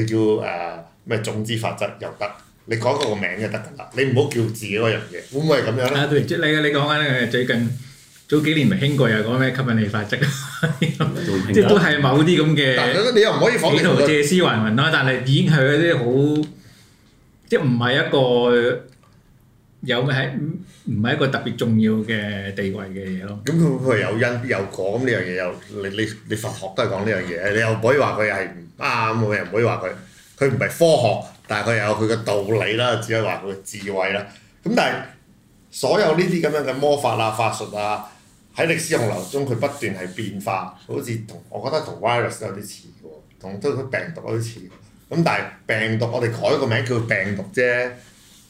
你叫誒咩種子法則又得，你改個個名就得㗎啦。你唔好叫自己嗰樣嘢，會唔會係咁樣咧？即你你講緊，最近。早幾年咪興過，又講咩吸引力法則 [LAUGHS] 即係都係某啲咁嘅，但你又唔可以祈禱借屍還魂啦。但係已經係一啲好，即係唔係一個有咩喺？唔係一個特別重要嘅地位嘅嘢咯。咁佢佢有因有果，咁呢樣嘢又你你你，你佛學都係講呢樣嘢。你又唔可以話佢係唔啱，又、啊、唔可以話佢，佢唔係科學，但係佢又有佢嘅道理啦，只係話佢嘅智慧啦。咁但係所有呢啲咁樣嘅魔法啊、法術啊～喺歷史洪流中，佢不斷係變化，好似同我覺得同 virus 有啲似喎，同都病毒有啲似。咁但係病毒，我哋改一個名叫病毒啫。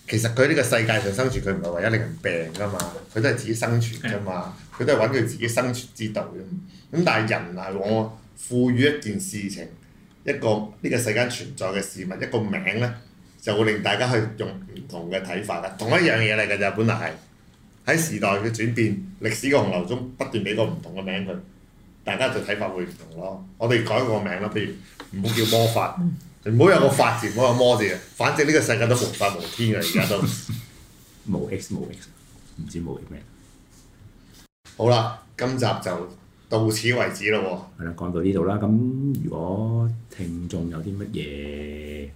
其實佢呢個世界上生存，佢唔係為咗令人病㗎嘛，佢都係自己生存㗎嘛，佢都係揾佢自己生存之道嘅。咁但係人係、啊、我賦予一件事情一個呢個世間存在嘅事物一個名咧，就會令大家去用唔同嘅睇法嘅。同一樣嘢嚟㗎咋，本來係。喺時代嘅轉變、歷史嘅洪流中不斷俾個唔同嘅名佢，大家就睇法會唔同咯。我哋改個名啦，譬如唔好叫魔法，唔好 [LAUGHS] 有個法字，唔好有魔字嘅。反正呢個世界都無法無天嘅，而家都冇 [LAUGHS] x 冇 x，唔知冇咩。好啦，今集就到此為止咯喎。係啦，講到呢度啦。咁如果聽眾有啲乜嘢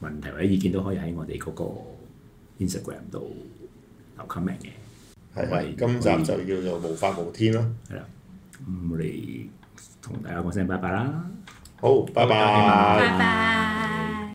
問題或者意見，都可以喺我哋嗰個 Instagram 度留 comment 嘅。係今集就叫做「無法無天」啦，係啦，咁我哋同大家講聲拜拜啦。好，拜拜。拜拜拜拜。